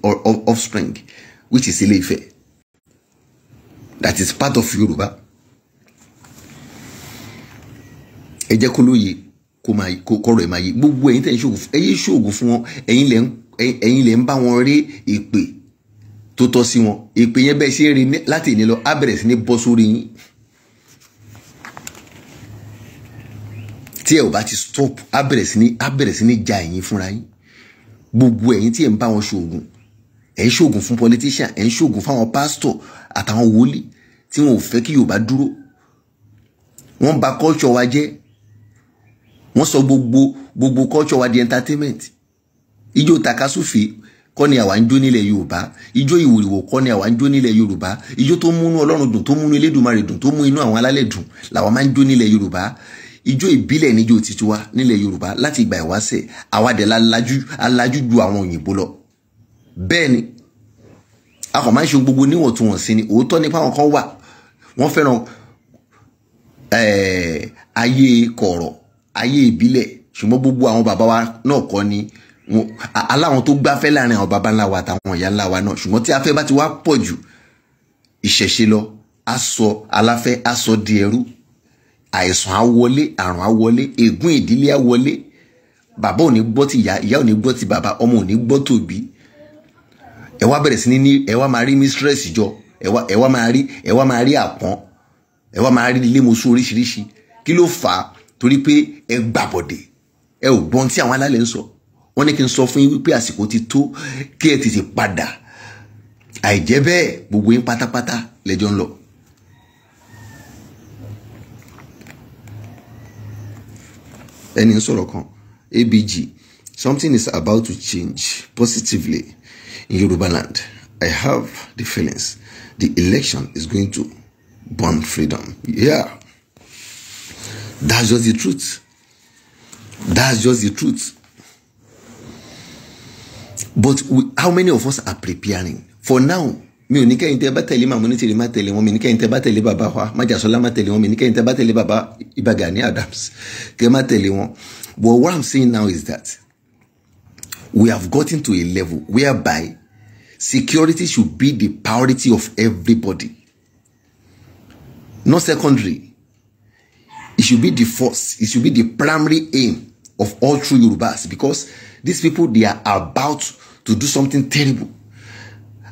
offspring, which is ile That is part of Yoruba. Ẹ jẹ́ kó ẹ̀ máa yé gbogbo ẹ̀yin tẹ̀ ń fún wọn ẹ̀yin lẹ̀ ń bá wọn rí èpè tó tọ́ sí wọn ìpè yẹn bẹ́ẹ̀ ṣe rí láti ìní lọ á sí ní bọ́ sórí yín tí ẹ ò bá ti stop á bẹ̀rẹ̀ sí ní á bẹ̀rẹ̀ sí ní ja ẹ̀yin fúnra yín gbogbo ẹ̀yin tí ẹ̀ ń bá wọn ṣoògùn ẹ̀ ń ṣoògùn fún politician ẹ̀ ń ṣoògùn fáwọn pastor àtàwọn wòlíì tí wọn ò fẹ́ kí Yorùbá dúró wọ́n bà culture wa jẹ́ wọ́n sọ gbogbo gbogbo culture wa di entertainment ijó takasúfèé kọ́ ni àwa ń jó nílẹ̀ yorùbá ijó ìwòrìwò kọ́ ni àwa ń jó nílẹ̀ yorùbá ijó tó múnú ọlọ́run dùn tó múnú elédùnmarè dùn tó mú inú àwọn alálẹ̀ dùn làwa máa ń jó nílẹ̀ yorùbá ijó ìbílẹ̀ níjó tiwa nílẹ̀ yorùbá láti ìgbà ìwáṣẹ̀ àwa dẹ̀ alájú alájú ju àwọn òyìnbó lọ bẹ́ẹ̀ ni a kò máa ń ṣe gbogbo níwọ̀ntúnwọ̀nsí ni òótọ́ nípa àwọn kan wà wọ́n fẹ́ràn ayé kọ̀ọ̀rọ̀ ayé ìbílẹ̀ ṣùgbọ́n gbogbo àwọn bàbá wa náà kọ́ ni aláwọn tó gbáfẹ́ láàrin àwọn baba ńlá wa àtàwọn ìyá ńlá wa náà ṣùgbọ́n tí afẹ́ bá ti wá pọ̀ jù ìṣẹ̀ṣe lọ á sọ aláfẹ́ á sọ di ẹrú àìsàn á wọlé àrùn á wọlé ègún ìdílé á wọlé bàbá ò ní gbọ́ ti ìyá ìyá ò ní gbọ́ ti bàbá ọmọ ò ní gbọ́ tòbí ẹ wá bẹ̀rẹ̀ sí ní ní ẹ wá máa rí mistress jọ ẹ wá ẹ wá máa rí ẹ wá máa rí àpọ́n ẹ wá máa rí ilé mosú oríṣiríṣi kí ló fà á torí pé ẹ gbàbọ̀dè ẹ ò gbọ́n tí àwọn alálẹ̀ ń sọ wọ́n ní kí n sọ fún yín wípé àsìkò ti tó kí ẹ tètè padà àìjẹ́ bẹ́ẹ̀ gbogbo yín pátápátá lẹ́jọ́ ń lọ. ẹni ń sọ̀rọ̀ kan abg something is about to change positively in Yoruba land I have the feelings the election is going to burn freedom yeah that's just the truth that's just the truth but we, how many of us are preparing for now mi ò ní kẹ́yìn tẹ́ bá tẹ̀lé màmú ní tìrì má tẹ̀lé wọn mi ní kẹ́yìn tẹ́ bá tẹ̀lé bàbá wa májàsọ́lá má tẹ̀lé wọn mi ní kẹ́yìn tẹ́ bá tẹ̀lé bàbá Ìbà Adams kẹ́ má tẹ̀lé wọn but what I'm saying now is that we have gotten to a level whereby security should be the priority of everybody not secondary it should be the first it should be the primary aim of all true Yorubas because these people they are about to do something terrible.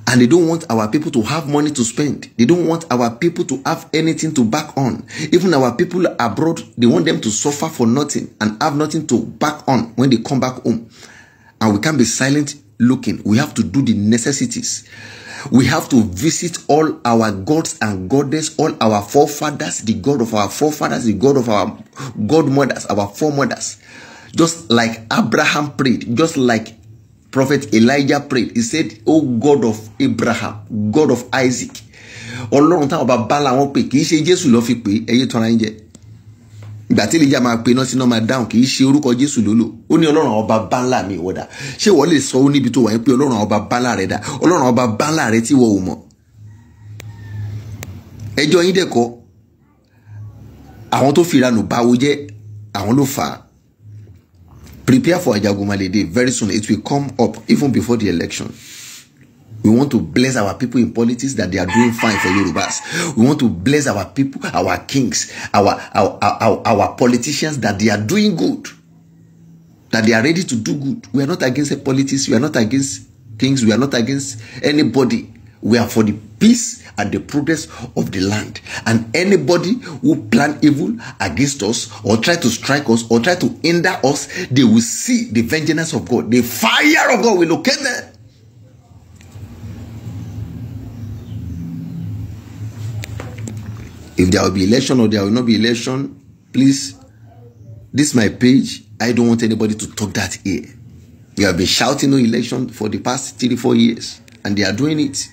And they don't want our people to have money to spend. They don't want our people to have anything to back on. Even our people abroad, they want them to suffer for nothing and have nothing to back on when they come back home. And we can't be silent looking. We have to do the necessities. We have to visit all our gods and goddess, all our forefathers, the God of our forefathers, the God of our godmothers, our foremothers. Just like Abraham prayed, just like prophet elijah prayed he said o god of abraham god of isaac ọlọ́run táwọn bàbá làwọn pè kì í ṣe jésù lọ́ọ́ fi pè ẹyẹ tọ́ra ń jẹ ìgbà tí elijah máa pe iná síná máa dáhùn kì í ṣe orúkọ jésù lólò ó ní ọlọ́run àwọn bàbá ńlá mi ìwọ́dà ṣé wọ́n lè sọ ó níbi tó wà ń pé ọlọ́run àwọn bàbá ńlá rẹ dà ọlọ́run àwọn bàbá ńlá rẹ tí wọ́n ò mọ̀ ẹjọ́ yín dẹ̀kọ́ àwọn tó fi ìranù báwo jẹ́ àwọn ló fà á Prepare for Ajagumale Day very soon. It will come up even before the election. We want to bless our people in politics that they are doing fine for Yorubas. We want to bless our people, our kings, our, our, our, our politicians that they are doing good, that they are ready to do good. We are not against the politics. We are not against kings. We are not against anybody. We are for the peace and the produce of the land. And anybody who plan evil against us or try to strike us or try to hinder us, they will see the vengeance of God. The fire of God will locate them. If there will be election or there will not be election, please, this my page. I don't want anybody to talk that here. They have been shouting no election for the past three, four years, and they are doing it.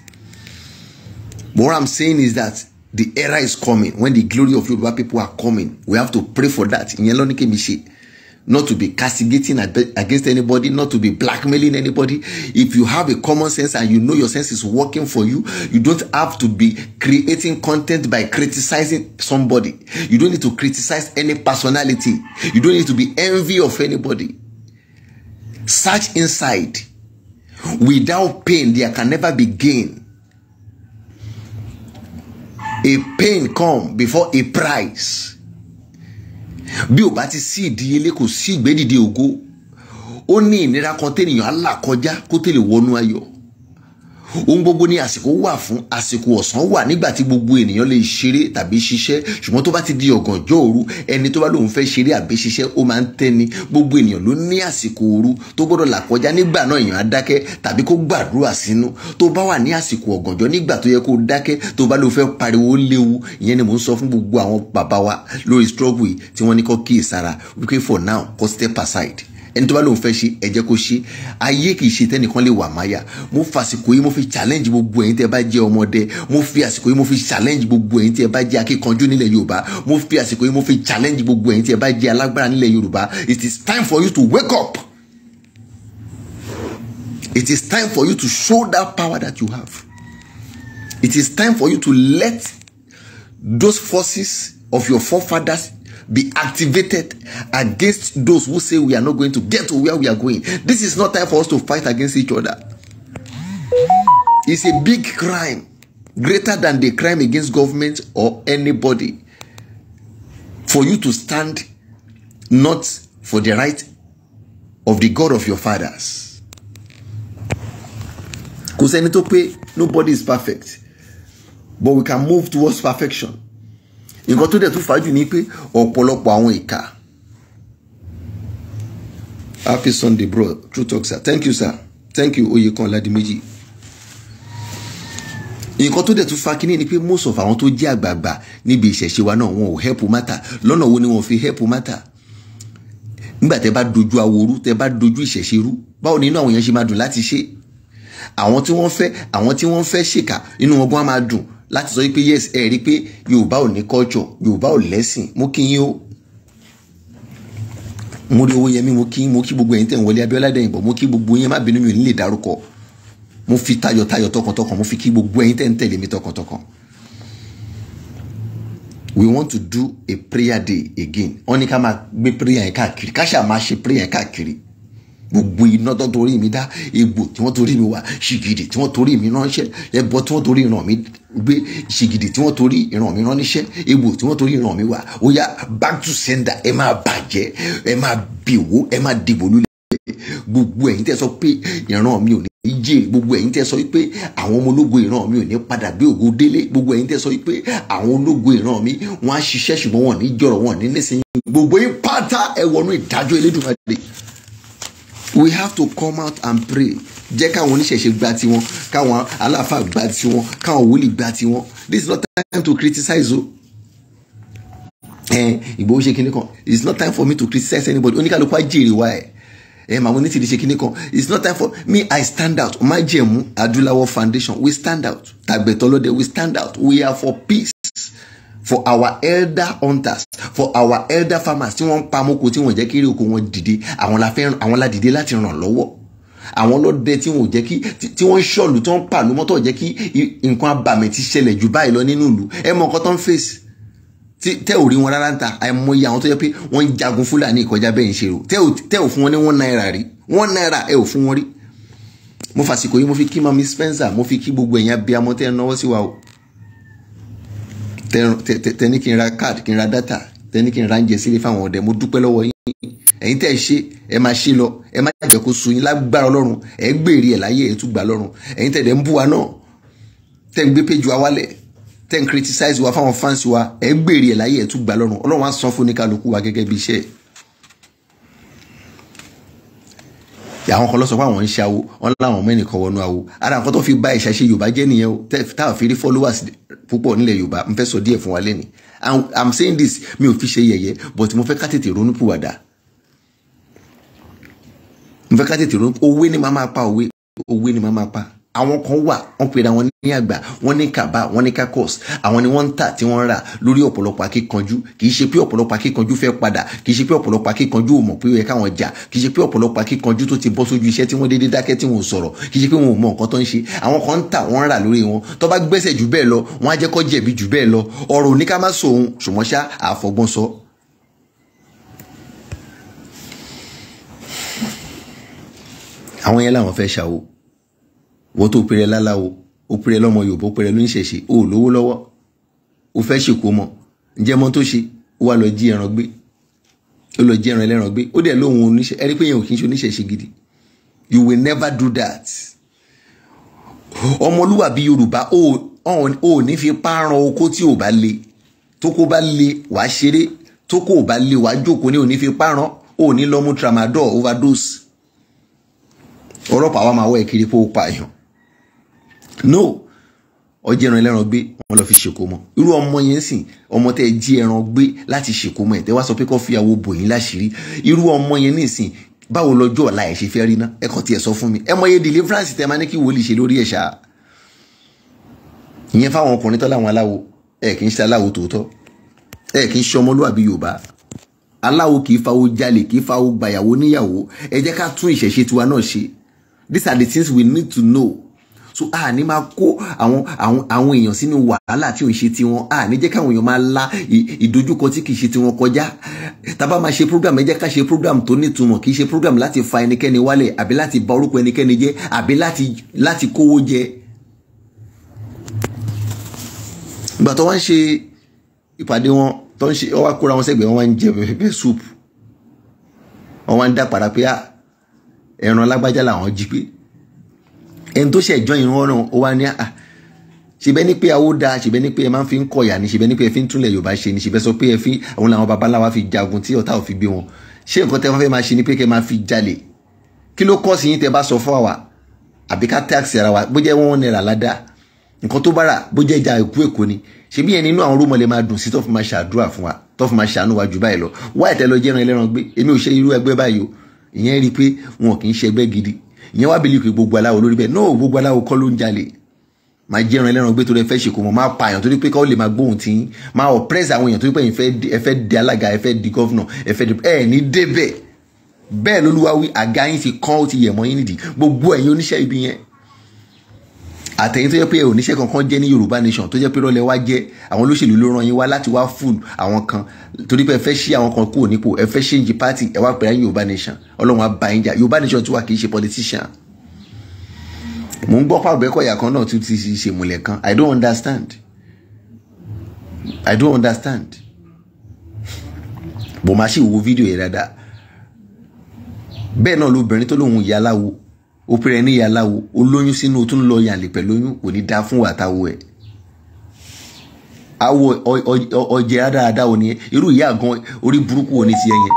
But what I'm saying is that the era is coming when the glory of Yoruba people are coming. We have to pray for that. Ìyẹn ló ní kí mi ṣe. Not to be castigating against anybody, not to be blackmailing anybody. If you have a common sense and you know your sense is working for you, you don't have to be creating content by criticizing somebody. You don't need to criticize any personality. You don't need to be envy of anybody. Search inside. Without pain, there can never be gain a pain come before a price bí o bá ti sí ìdíyelé kò sí ìgbédìde ògo ó ní ìnira kan tẹ́nìyàn á là kọjá kó tẹ́lẹ̀ wọnú ayọ̀ ohun gbogbo ní àsìkò wà fún àsìkò ọ̀sán wà nígbà tí gbogbo ènìyàn lè ṣeré tàbí ṣiṣẹ́ ṣùgbọ́n tó bá ti di ọ̀gànjọ́ òru ẹni tó bá lóun fẹ́ ṣeré àbí ṣiṣẹ́ ó máa ń tẹ́ni gbogbo ènìyàn ló ní àsìkò òru tó gbọ́dọ̀ là kọjá nígbà náà èèyàn á dákẹ́ tàbí kó gbàdúrà sínú tó bá wà ní àsìkò ọ̀gànjọ́ nígbà tó yẹ kó dákẹ́ tó bá lóun fẹ́ pariwo léwu ìyẹn ni mò ń sọ fún gbogbo àwọn bàbá wa lórí struggle yìí tí wọ́n ní kó kíyèsára wípé for now kó step aside ẹni tó bá lóun fẹ́ ṣe ẹ kó ṣe ayé kìí ṣe tẹ́nìkan lè wà máyà mo fàsìkò yìí mo fi challenge gbogbo ẹ̀yin tí ẹ bá jẹ́ ọmọdé mo fi àsìkò yìí mo fi challenge gbogbo ẹ̀yin tí ẹ bá jẹ́ akíkanjú nílẹ̀ yorùbá mo fi àsìkò yìí mo fi challenge gbogbo ẹ̀yin tí ẹ bá jẹ́ alágbára nílẹ̀ yorùbá it is time for you to wake up it is time for you to show that power that you have it is time for you to let those forces of your forefathers be activated against those who say we are not going to get to where we are going. This is not time for us to fight against each other. It's a big crime, greater than the crime against government or anybody. For you to stand not for the right of the God of your fathers. Kò nobody is perfect but we can move towards perfection nǹkan tó dẹ̀ tún fàájù ni pé ọ̀pọ̀lọpọ̀ àwọn ìka happy sunday bro true talk sir thank you sir thank you Oyèkan Ọládìméjì nǹkan tó dẹ̀ tún fa kínní ni pé most of àwọn tó jẹ́ àgbààgbà níbi ìṣẹ̀ṣe wa náà wọn ò help matter lọ́nà wo ni wọ́n fi help matter nígbà tẹ́ bá dojú aworu tẹ́ bá dojú ìṣẹ̀ṣe rú báwo ni inú àwọn èèyàn ṣe máa dùn láti ṣe àwọn tí wọ́n fẹ́ àwọn tí wọ́n fẹ́ ṣèkà inú wọn gan máa dùn láti sọ pé yes ẹ rí i pé yorùbá ò ní culture yorùbá ò lẹ́sìn mo kí yín o mo rí Owóyẹmí mo kí mo kí gbogbo ẹ̀yin tẹ̀ ń wọlé Abíọ́lá Adéyìnbó mo kí gbogbo yín má bínú mi ò ní lè dárúkọ mo fi tayọ̀tayọ̀ tọkàntọkàn mo fi kí gbogbo ẹ̀yin tẹ̀ ń tẹ̀lé mi tọkàntọkàn. we want to do a prayer day again wọ́n ní ká máa gbé prayer yẹn káàkiri ká ṣáà máa ṣe prayer yẹn káàkiri gbogbo iná tó torí mi dá egbò tí wọ́n torí mi wá ṣìgìdì tí wọ́n torí mi ránṣẹ́ ẹbọ tí wọ́n torí ìran mi gbé ṣìgìdì tí wọ́n torí ìran mi ránṣẹ́ egbò tí wọ́n torí ìran mi wá ó yá back to sender ẹ máa bàjẹ́ ẹ máa bèwò ẹ máa dìbò lulẹ̀ gbogbo ẹ̀yin tẹ́ sọ pé ìran mi ò ní jèrè gbogbo ẹ̀yin tẹ́ sọ pé àwọn ọmọ ológo ìran mi ò ní padà gbé ògo délé gbogbo ẹ̀yin tẹ́ sọ pé àwọn ológo ìran mi wọ́n á ṣiṣẹ́ ṣùgbọ́n wọn ò ní jọ̀rọ̀ wọn ò ní nísìnyí gbogbo yín pátá ẹ wọnú ìdájọ́ Elédùmarè we have to come out and pray jẹ́ káwọn oníṣẹ̀ṣe gba tiwọn káwọn aláfà gba tiwọn káwọn wòlíì gba tiwọn this is not time to criticize o ìgbòho ṣe kinní kan it's not time for me to criticize anybody oníkàlùkù ajèrè wa ẹ̀ ẹ̀ màwọn onítìrí ṣe kinní kan it's not time for me I stand out májẹ̀mú adúláwọ̀ foundation we stand out tàgbẹ̀tọ́lọ́dẹ we stand out we are for peace for our elder hunters for our elder farmers tí wọ́n ń pa amoko tí wọ́n jẹ́ kí èrè oko wọn dìde àwọn la fẹ́ àwọn la dìde láti ràn lọ́wọ́ àwọn ọlọ́dẹ tí wọ́n jẹ́ kí tí wọ́n ń ṣọ̀lù tí wọ́n ń pàlú mọ́tò jẹ́ kí nǹkan abàmì ti ṣẹlẹ̀ jù báyìí lọ nínú ìlú ẹ mọ nǹkan tó ń fèsì tí tẹ́ ò rí wọn rárá ń ta àìmọye àwọn tó yẹ pé wọ́n jagun fúlàní ìkọjá bẹ́ẹ̀ ń ṣe rò tẹ́ ò fún wọn ní one naira rí one naira ẹ ò fún wọn rí mo fàsìkò yìí mo fi kí mami Spencer mo fi kí gbogbo ẹ̀yin abiyamọ tẹ́ ẹ náwó sí wa o tẹni kí n ra káàdì kí n ra dátà tẹni kí n ra oúnjẹ sílé fáwọn ọ̀dẹ̀ mo dúpẹ́ lọ́wọ́ yín ẹ̀yin tẹ́ ẹ ṣe ẹ máa ṣe lọ ẹ má jẹ́ kó sú yín lágbára ọlọ́run ẹ gbèrè ẹ̀ láyé ẹ̀ tún gbà lọ́run ẹ̀yin tẹ̀ dẹ̀ ń bú wa náà tẹ̀ ń gbé péjú wa wálẹ̀ tẹ̀ ń criticize wa fáwọn fans wa ẹ gbèrè ẹ̀ láyé ẹ̀ tún gbà lọ́run ọlọ́run á san fún ní wa gẹ́gẹ́ bí iṣẹ́ ẹ̀ àwọn kan lọ sọ pé àwọn ń ṣe awo wọn láwọn ọmọ ẹnìkan wọnú awo ara nǹkan tó fi bá ìṣàṣe yorùbá jẹ́ nìyẹn o táwọn fi rí followers púpọ̀ nílẹ̀ yorùbá n fẹ́ sọ díẹ̀ fún wa lẹ́ni i'm saying this mi ò fi ṣe yẹ̀yẹ́ but mo fẹ́ ká tètè ronú pìwàdà mo fẹ́ ká tètè ronú òwe ni màá máa pa òwe òwe ni màá máa pa àwọn kan wà wọ́n pera wọn ní àgbà wọ́n ní kaba wọ́n ní kakos àwọn ni wọ́n ń tà tí wọ́n ń rà lórí ọ̀pọ̀lọpọ̀ akíkanjú kì ṣe pé ọ̀pọ̀lọpọ̀ akíkanjú fẹ́ padà kì ṣe pé ọ̀pọ̀lọpọ̀ akíkanjú ò mọ̀ pé ó yẹ jà kì ṣe pé ọ̀pọ̀lọpọ̀ akíkanjú tó ti bọ́ sójú iṣẹ́ tí wọ́n dédé dákẹ́ tí wọ́n sọ̀rọ̀ kì í ṣe pé wọn ò mọ̀ nǹkan tó ń ṣe àwọn kan ń tà wọ́n ń rà lórí wọn tó bá gbẹ́sẹ̀ jù bẹ́ẹ̀ lọ wọ́n á jẹ́ kó jẹ̀bi jù bẹ́ẹ̀ lọ ọ̀rọ̀ òní ká má sọ òun ṣùgbọ́n ṣá àfọgbọ́n sọ àwọn yẹn làwọn fẹ́ ṣàwó wọ́n tó pèrè láláwo ó pèrè lọ́mọ Yorùbá ó pèrè lóníṣẹ̀ṣe ó lówó lọ́wọ́ ó fẹ́ ṣèkó mọ́ ǹjẹ́ mọ́ tó ṣe ó wá lọ jí ẹran gbé ó lọ jí ẹran ẹlẹ́ran gbé ó dẹ̀ lóhun oníṣẹ́ ẹ rí pé yẹn ò kí ń ṣe oníṣẹ̀ṣe gidi you will never do that ọmọlúwàbí Yorùbá ó ní fi párán okó tí ò bá le tó kó bá le wàá ṣeré tó kó bá le wàá jókòó ní ò ní fi párán ò ní lọ́mú tramadol overdose ọlọ́pàá wa máa wọ ẹ̀ kiri pé ó pààyàn no ọjẹ ẹran ẹlẹ́ran gbé wọn lọ fi ṣèkó mọ irú ọmọ yẹn sìn ọmọ tẹ jí ẹran gbé láti ṣèkó mọ ẹ tẹ wá sọ pé kó fi àwo bò láṣìírí irú ọmọ yẹn nísìn báwo lọ́jọ́ ọ̀la ẹ ṣe fẹ́ rí ná ẹ kàn tiẹ̀ sọ fún mi ẹ mọye deliverance tẹ máa ní kí wòlíì ṣe lórí ẹ ṣáá ìyẹn fáwọn ọkùnrin tó láwọn aláwo ẹ kì í ṣe aláwo tòótọ́ ẹ kì í ṣe ọmọlúwàbí yorùbá aláwo kì í fa owó jalè kì í fa owó gbàyàwó níyàwó ẹ jẹ́ ká tún ìṣẹ̀ṣe tiwa náà ṣe these are the things we need to know so a ní máa kó àwọn àwọn àwọn èèyàn sínú wàhálà tí ò ń ṣe tiwọn a ní jẹ́ káwọn èèyàn máa la ìdojúkọ tí kì í ṣe tiwọn kọjá tábà máa ṣe program ẹ jẹ́ ká ṣe program tó nítumọ̀ kì í ṣe program láti fa ẹnikẹ́ni wálẹ̀ àbí láti bà orúkọ ẹnikẹ́ni jẹ́ àbí láti láti kówó jẹ. ìgbà tó wá ń ṣe ìpàdé wọn tó ń ṣe wọn wá kóra wọn sẹ́gbẹ̀ẹ́ wọn wá ń jẹ pẹpẹ soup wọn wá ń dá padà pé ẹran lágbájá làwọn jí pé ẹni tó ṣe ẹjọ́ ìran ọ̀ràn ó wá ní à ah, ṣèbẹ́ ní pé awó da ṣèbẹ́ ní pé ẹ máa fi ń kọ̀yà ni ṣèbẹ́ ní pé ẹ fi ń túnlẹ̀ Yorùbá ṣe ni ṣèbẹ́ sọ pé ẹ fi àwọn làwọn babaláwa fi jagun tí ọ̀tá ò fi gbé wọn ṣé nǹkan tẹ́ wọ́n fẹ́ máa ṣe ni pé kẹ́ máa fi jalè kí ló kọ́ sí yín tẹ́ bá sọ fún àwa àbí ká táàkì ara wa bó jẹ́ wọ́n náírà ládàá nǹkan tó bára bó jẹ́ ìjà èkó èkó ni ṣebí yẹn nínú àwọn rómọlẹ̀ máa dùn sí tó fi máa ṣàdúrà fún wa tó fi máa ṣàánú wa jù báyìí lọ wáyé tẹ́ lọ jẹ́ran ẹlẹ́ran gbé èmi ò ṣe irú ẹgbẹ́ báyìí o ìyẹn rí i pé wọn kì í ṣe ẹgbẹ́ gidi ìyẹn wá believe pé gbogbo aláwo lórí bẹ́ẹ̀ no gbogbo aláwo kọ́ ló ń jalè máa jẹ́ ẹran ẹlẹ́ran gbé torí ẹ fẹ́ ṣe kò mọ̀ máa pa àyàn torí pé káwọn lè máa gbóhùn tí máa oppress àwọn èèyàn torí pé ẹ fẹ́ di alága ẹ fẹ́ di gọ́vnà ẹ fẹ́ di ẹ ní débẹ̀ bẹ́ẹ̀ lólúwa wí àga yín ti kán ó ti yẹ̀ mọ́ yín nídìí gbogbo ẹ̀yin oníṣẹ́ ibi yẹn àtẹ̀yìn tó jẹ́ pé ẹ ò níṣẹ́ kankan jẹ́ ní Yorùbá nation tó jẹ́ pé rọ́lẹ̀ wá jẹ́ àwọn olóṣèlú ló ràn yín wá láti wá fún àwọn kan torí pé ẹ fẹ́ ṣí àwọn kan kúrò nípò ẹ fẹ́ ṣéǹjì pátì ẹ wá pẹ̀lú Yorùbá nation ọlọ́run á bá yín jà Yorùbá nation tí wà kì í ṣe politician. mò ń gbọ́ pàbẹ́kọ̀yà kan náà tún ti ṣe mùlẹ̀ kan I don't understand I don't understand bò má ṣì wo fídíò yẹn dáadáa bẹ́ẹ̀ náà lóbìnrin tó lóun ìyá aláwo òpin rẹ̀ ní ìyàláwo olóyún sínú o tún lọ yàlè pẹ̀lóyún kò ní dáa fún wàtáwo ẹ̀ awo ọjẹ adáadáa ò ní ẹ irú ìyá gan orí burúkú ò ní tiẹ̀ yẹn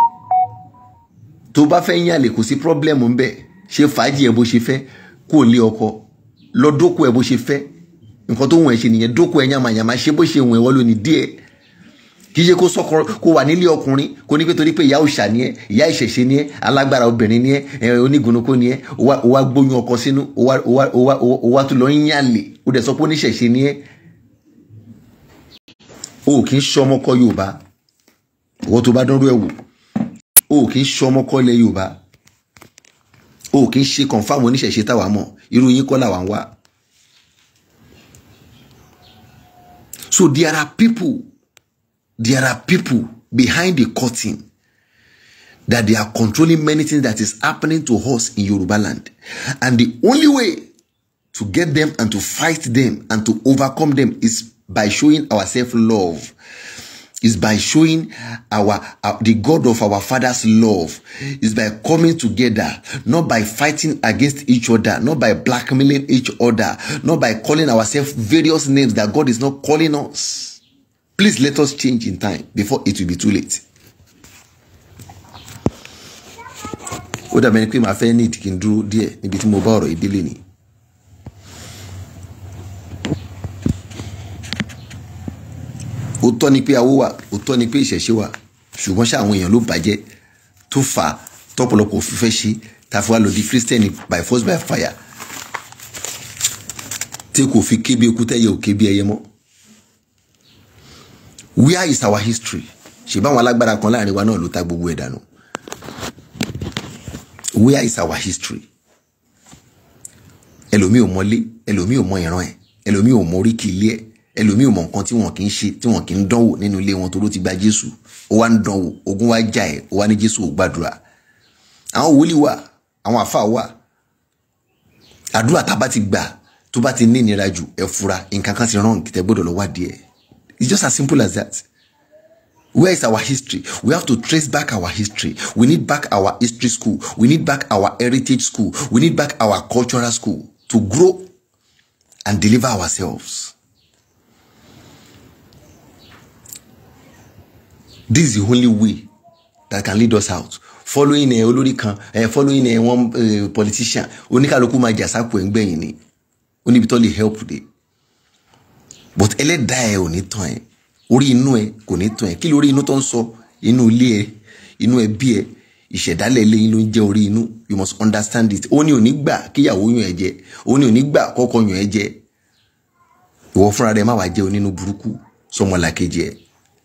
tó bá fẹ́ yàlè kò sí pírọ́blẹ́mù ń bẹ̀ ṣe fàájì ẹ̀ bó ṣe fẹ́ kó o lé ọkọ lọ dóko ẹ̀ bó ṣe fẹ́ nǹkan tó wù ẹ́ ṣe nìyẹn dóko ẹ̀ yàmàyàmà ṣe bó ṣe wù ẹ́ wọ́n lónìí díẹ̀ kì í ṣe kó sọkọ kó wà nílé ọkùnrin kó ní pé torí pé ìyá òòṣà ni ẹ ìyá ìṣẹ̀ṣe ni ẹ alágbára obìnrin ni ẹ onígunukó ni ẹ ó wá gbóyún ọkọ sínú ó wá tún lọ ń yànlè ó dẹ̀ sọ pé oníṣẹ̀ṣe ni ẹ o kì í ṣọmọkọ Yorùbá ìwọ tó bá dánrú ẹ wò o kì í ṣọmọkọ ilẹ̀ Yorùbá o kì í ṣe kọ̀ǹfàmù oníṣẹ̀ṣe táwa mọ̀ irú yín kọ́ làwa wá. So there are people There are people behind the curtain that they are controlling many things that is happening to us in Yoruba land. And the only way to get them and to fight them and to overcome them is by showing ourselves love is by showing our, uh, the god of our father's love is by coming together not by fighting against each other not by blackmailing each other not by calling ourselves various names that god is not calling us Please let us change in time before it will be too late. Ó dàbí ẹni pé màá fẹ́ ní ìdíkì dúró díẹ̀ níbi tí mo bá ọ̀rọ̀ ìdílé ni. Òótọ́ ni pé awó wà òótọ́ ni pé ìṣẹ̀ṣe wà ṣùgbọ́n ṣá àwọn èèyàn ló bàjẹ́ tó fà á tọ́pọ̀lọpọ̀ òfin fẹ́ ṣe tàfíwá lòdì Christian by force by fire tí kò fi kébi ekú ò kébi ẹyẹ mọ́ where is our history ṣèbáwọn alágbára kan láàrin wa náà ló ta gbogbo ẹ̀ dànù where is our history ẹlòmíì ò mọlé ẹlòmíì ò mọ ìran ẹ̀ ẹlòmíì ò mọ oríkì ilé ẹ̀ ẹlòmíì ò mọ nǹkan tí wọn kì í ṣe tí wọn kì í dánwò nínú ilé wọn tó ló ti gba Jésù ó wá ń dánwò ogun wá jà ẹ̀ ó wá ní Jésù ò gbàdúrà àwọn wòlíì wà àwọn àfáà wà àdúrà tá a bá ti gbà tó bá ti ní ìnira jù ẹ fura nǹkan kan ti rán kìtẹ́ gbọ́dọ̀ lọ wádìí It's just as simple as that. Where is our history? We have to trace back our history. We need back our history school. We need back our heritage school. We need back our cultural school to grow and deliver ourselves. This is the only way that can lead us out. Following a eh, olórí kan ẹ eh, following ẹ eh, one uh, politician oníkàlùkù máa jà sápò ẹ̀ ń gbẹ̀yìn ni help dey but ẹlẹ́dàá ẹ ò ní tàn ẹ́ orí inú ẹ kò ní tàn ẹ́ kí lórí inú tó ń sọ inú ilé ẹ inú ẹbí ẹ ìṣẹ̀dálẹ̀ ilé ló ń jẹ́ orí inú you must understand it ó ní ò ní gbà kíyàwó yàn ẹ́ jẹ ó ní ò ní gbà kọ́kọ́ yàn ẹ́ jẹ ìwọ fúnra rẹ má wàá jẹ́ onínú burúkú sọmọlàkejì ẹ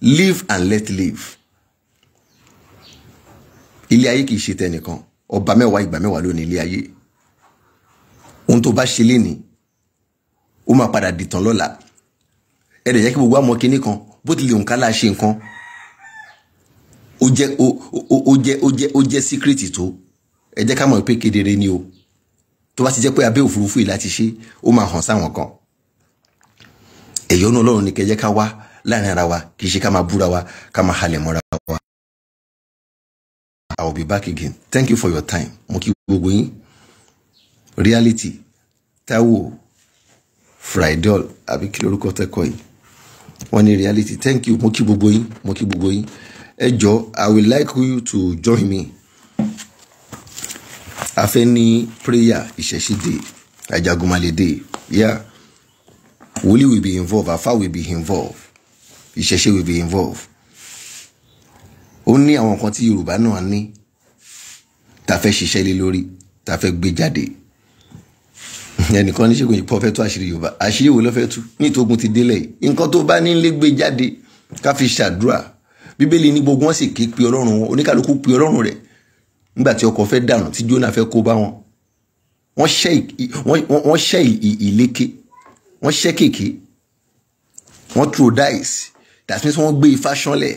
live and let live ilé ayé kìí ṣe tẹnìkan ọba mẹ́wàá ìgbà mẹ́wàá ló ní ilé ayé ohun tó bá ṣe lénìí ó máa padà dìtàn lọ́la ẹ lè kí gbogbo àmọ́ kinní kan bó ti lè òǹkà là ṣe nǹkan ó jẹ́ ó jẹ́ ó jẹ́ ó jẹ́ síkírìtì tó ẹ jẹ́ ká mọ̀ pé kedere ni o tó bá ti jẹ́ pé abẹ́ òfurufú yìí láti ṣe ó máa hàn sáwọn kan ẹ̀yọ́nú ọlọ́run ni kẹjẹ́ ká wá láàrin ara wa kì í ṣe ká máa búra wa ká máa halẹ̀ mọ́ra wa. I will be back again. Thank you for your time. Mo kí gbogbo yín. Reality Taiwo Friday àbí kí lorúkọ tẹ́kọ̀ọ́ yìí wọ́n ní reality thank you mo kí gbogbo yín mo kí gbogbo yín ẹ jọ i will like you to join me a fẹ́ ní prayer ìṣẹ̀ṣídé ajagunmalédè yeah wòlíì will be involved afa will be involved ìṣẹ̀ṣe will be involved ó ní àwọn kan tí yorùbá náà ní tá a fẹ́ ṣiṣẹ́ lé lórí tá a fẹ́ gbé jáde ẹnìkan ní ṣègùn ìpọ́ fẹ́ tú àṣírí yorùbá àṣírí wo ló fẹ́ tú nítògùn ti délẹ̀ yìí nǹkan tó bá ní lé gbé jáde ká fi ṣàdúrà bíbélì ní gbogbo wọn sì ké pe ọlọ́run wọn oníkàlùkù pe ọlọ́run rẹ̀ nígbà tí ọkọ̀ fẹ́ dànù tí Jónà fẹ́ kó bá wọn wọ́n ṣẹ́ ìlékè wọ́n ṣẹ́ kèké wọ́n throw dice that means wọ́n gbé ifá ṣánlẹ̀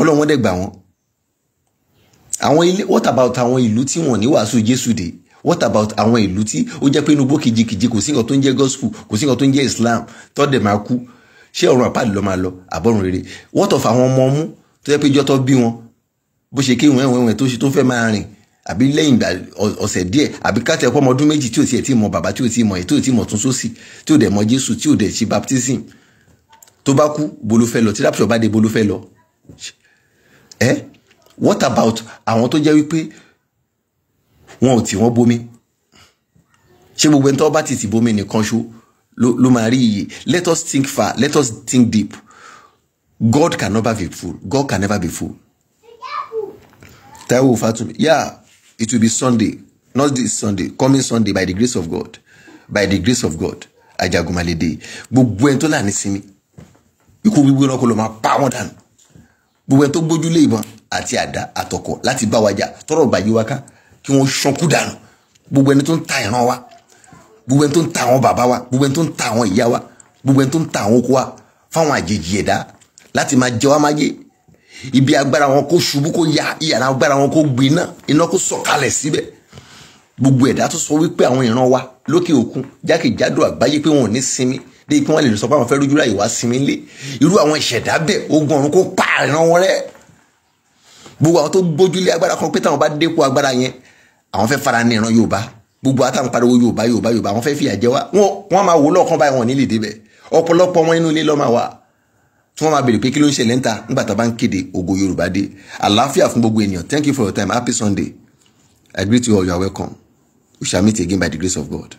ọlọ́run dẹ̀ gbà wọ́n àwọn ilé what about àwọn ìlú tí wọ́n ní wàásù Jésù dé what about àwọn ìlú tí ó jẹ́ pé inú bó kìjikìji kò sí nǹkan tó ń jẹ́ gospel kò sí nǹkan tó ń jẹ́ islam tọ́dẹ̀ máa kú ṣé ọ̀run àpáàdé ló máa lọ àbọ̀run rere what of àwọn ọmọ ọmú tó jẹ́ pé ìjọ́ tó bí wọn bó ṣe kéwọn ẹ̀wọ̀n ẹ̀wọ̀n tó ṣe tó fẹ́ máa rìn àbí lẹ́yìn ọ̀sẹ̀ díẹ̀ àbí ká tẹ̀kọ́ ọmọ ọdún méjì tí ò tiẹ̀ tí mọ bàbá tí ò tí mọ ẹ̀ tí ò tí mọ tún sósì tí ò dẹ̀ mọ jésù tí ò dẹ̀ ṣe baptism tó bá kú bolo fẹ́ lọ tí rapture bá dé bolo fẹ́ lọ. ẹ eh? what about àwọn tó jẹ́ wípé wọn ò tì wọ́n bomi ṣé gbogbo ẹni tó bá ti tì bomi nìkan ṣo ló máa rí iye let us think far let us think deep God can never be full. God can never be fooled. Taiwo Fatumi yeah it will be Sunday not this Sunday coming Sunday by the grace of God by the grace of God Ajagunmalede gbogbo ẹni tó là ní sinmi ikú wíwí náà kó lọ máa pa wọn dànù gbogbo ẹni tó gbójúlé ìbọn àti àdá àtọkọ láti bá wa jà tọrọ bàyí wa ká kí wọ́n ṣankú dànù gbogbo ẹni tó ń ta ìran wa gbogbo ẹni tó ń ta àwọn bàbá wa gbogbo ẹni tó ń ta àwọn ìyá wa gbogbo ẹni tó ń ta àwọn oko wa fáwọn àjèjì ẹ̀dá láti máa jẹ wá máa yé ibi agbára wọn kó ṣubú kó ya ìyàrá agbára wọn kó gbiná iná kó sọ̀kalẹ̀ síbẹ̀ gbogbo ẹ̀dá tó sọ wípé àwọn ìran wa lókè òkun jákèjádò àgbáyé pé wọn ò ní sinmi dé pé wọn lè sọ pé àwọn fẹ́ lójú láyè wá sinmi lé irú àwọn ìṣẹ̀dá bẹ́ẹ̀ ogun ọ̀run kó pààrọ̀ wọn rẹ́ gbogbo àwọn tó gbójúlé agbára kan pé táwọn bá dépò agbára yẹn àwọn fẹ́ fara ní ìran yorùbá gbogbo àtàwọn pariwo yorùbá yorùbá yorùbá àwọn fẹ́ fìyà jẹ wá wọ́n máa wò lọ́ọ̀kan báyìí wọn nílì débẹ̀ ọ̀pọ̀lọpọ̀ wọn inú ilé lọ́ọ́ máa wà tí wọ́n máa béèrè pé kí ló ń ṣẹlẹ̀ ń ta nígbà tá a bá ń kéde ògo yorùbá dé àlàáfíà fún gbogbo ènìyàn thank you for your time happy sunday i greet you all you are welcome we shall meet again by the grace of god.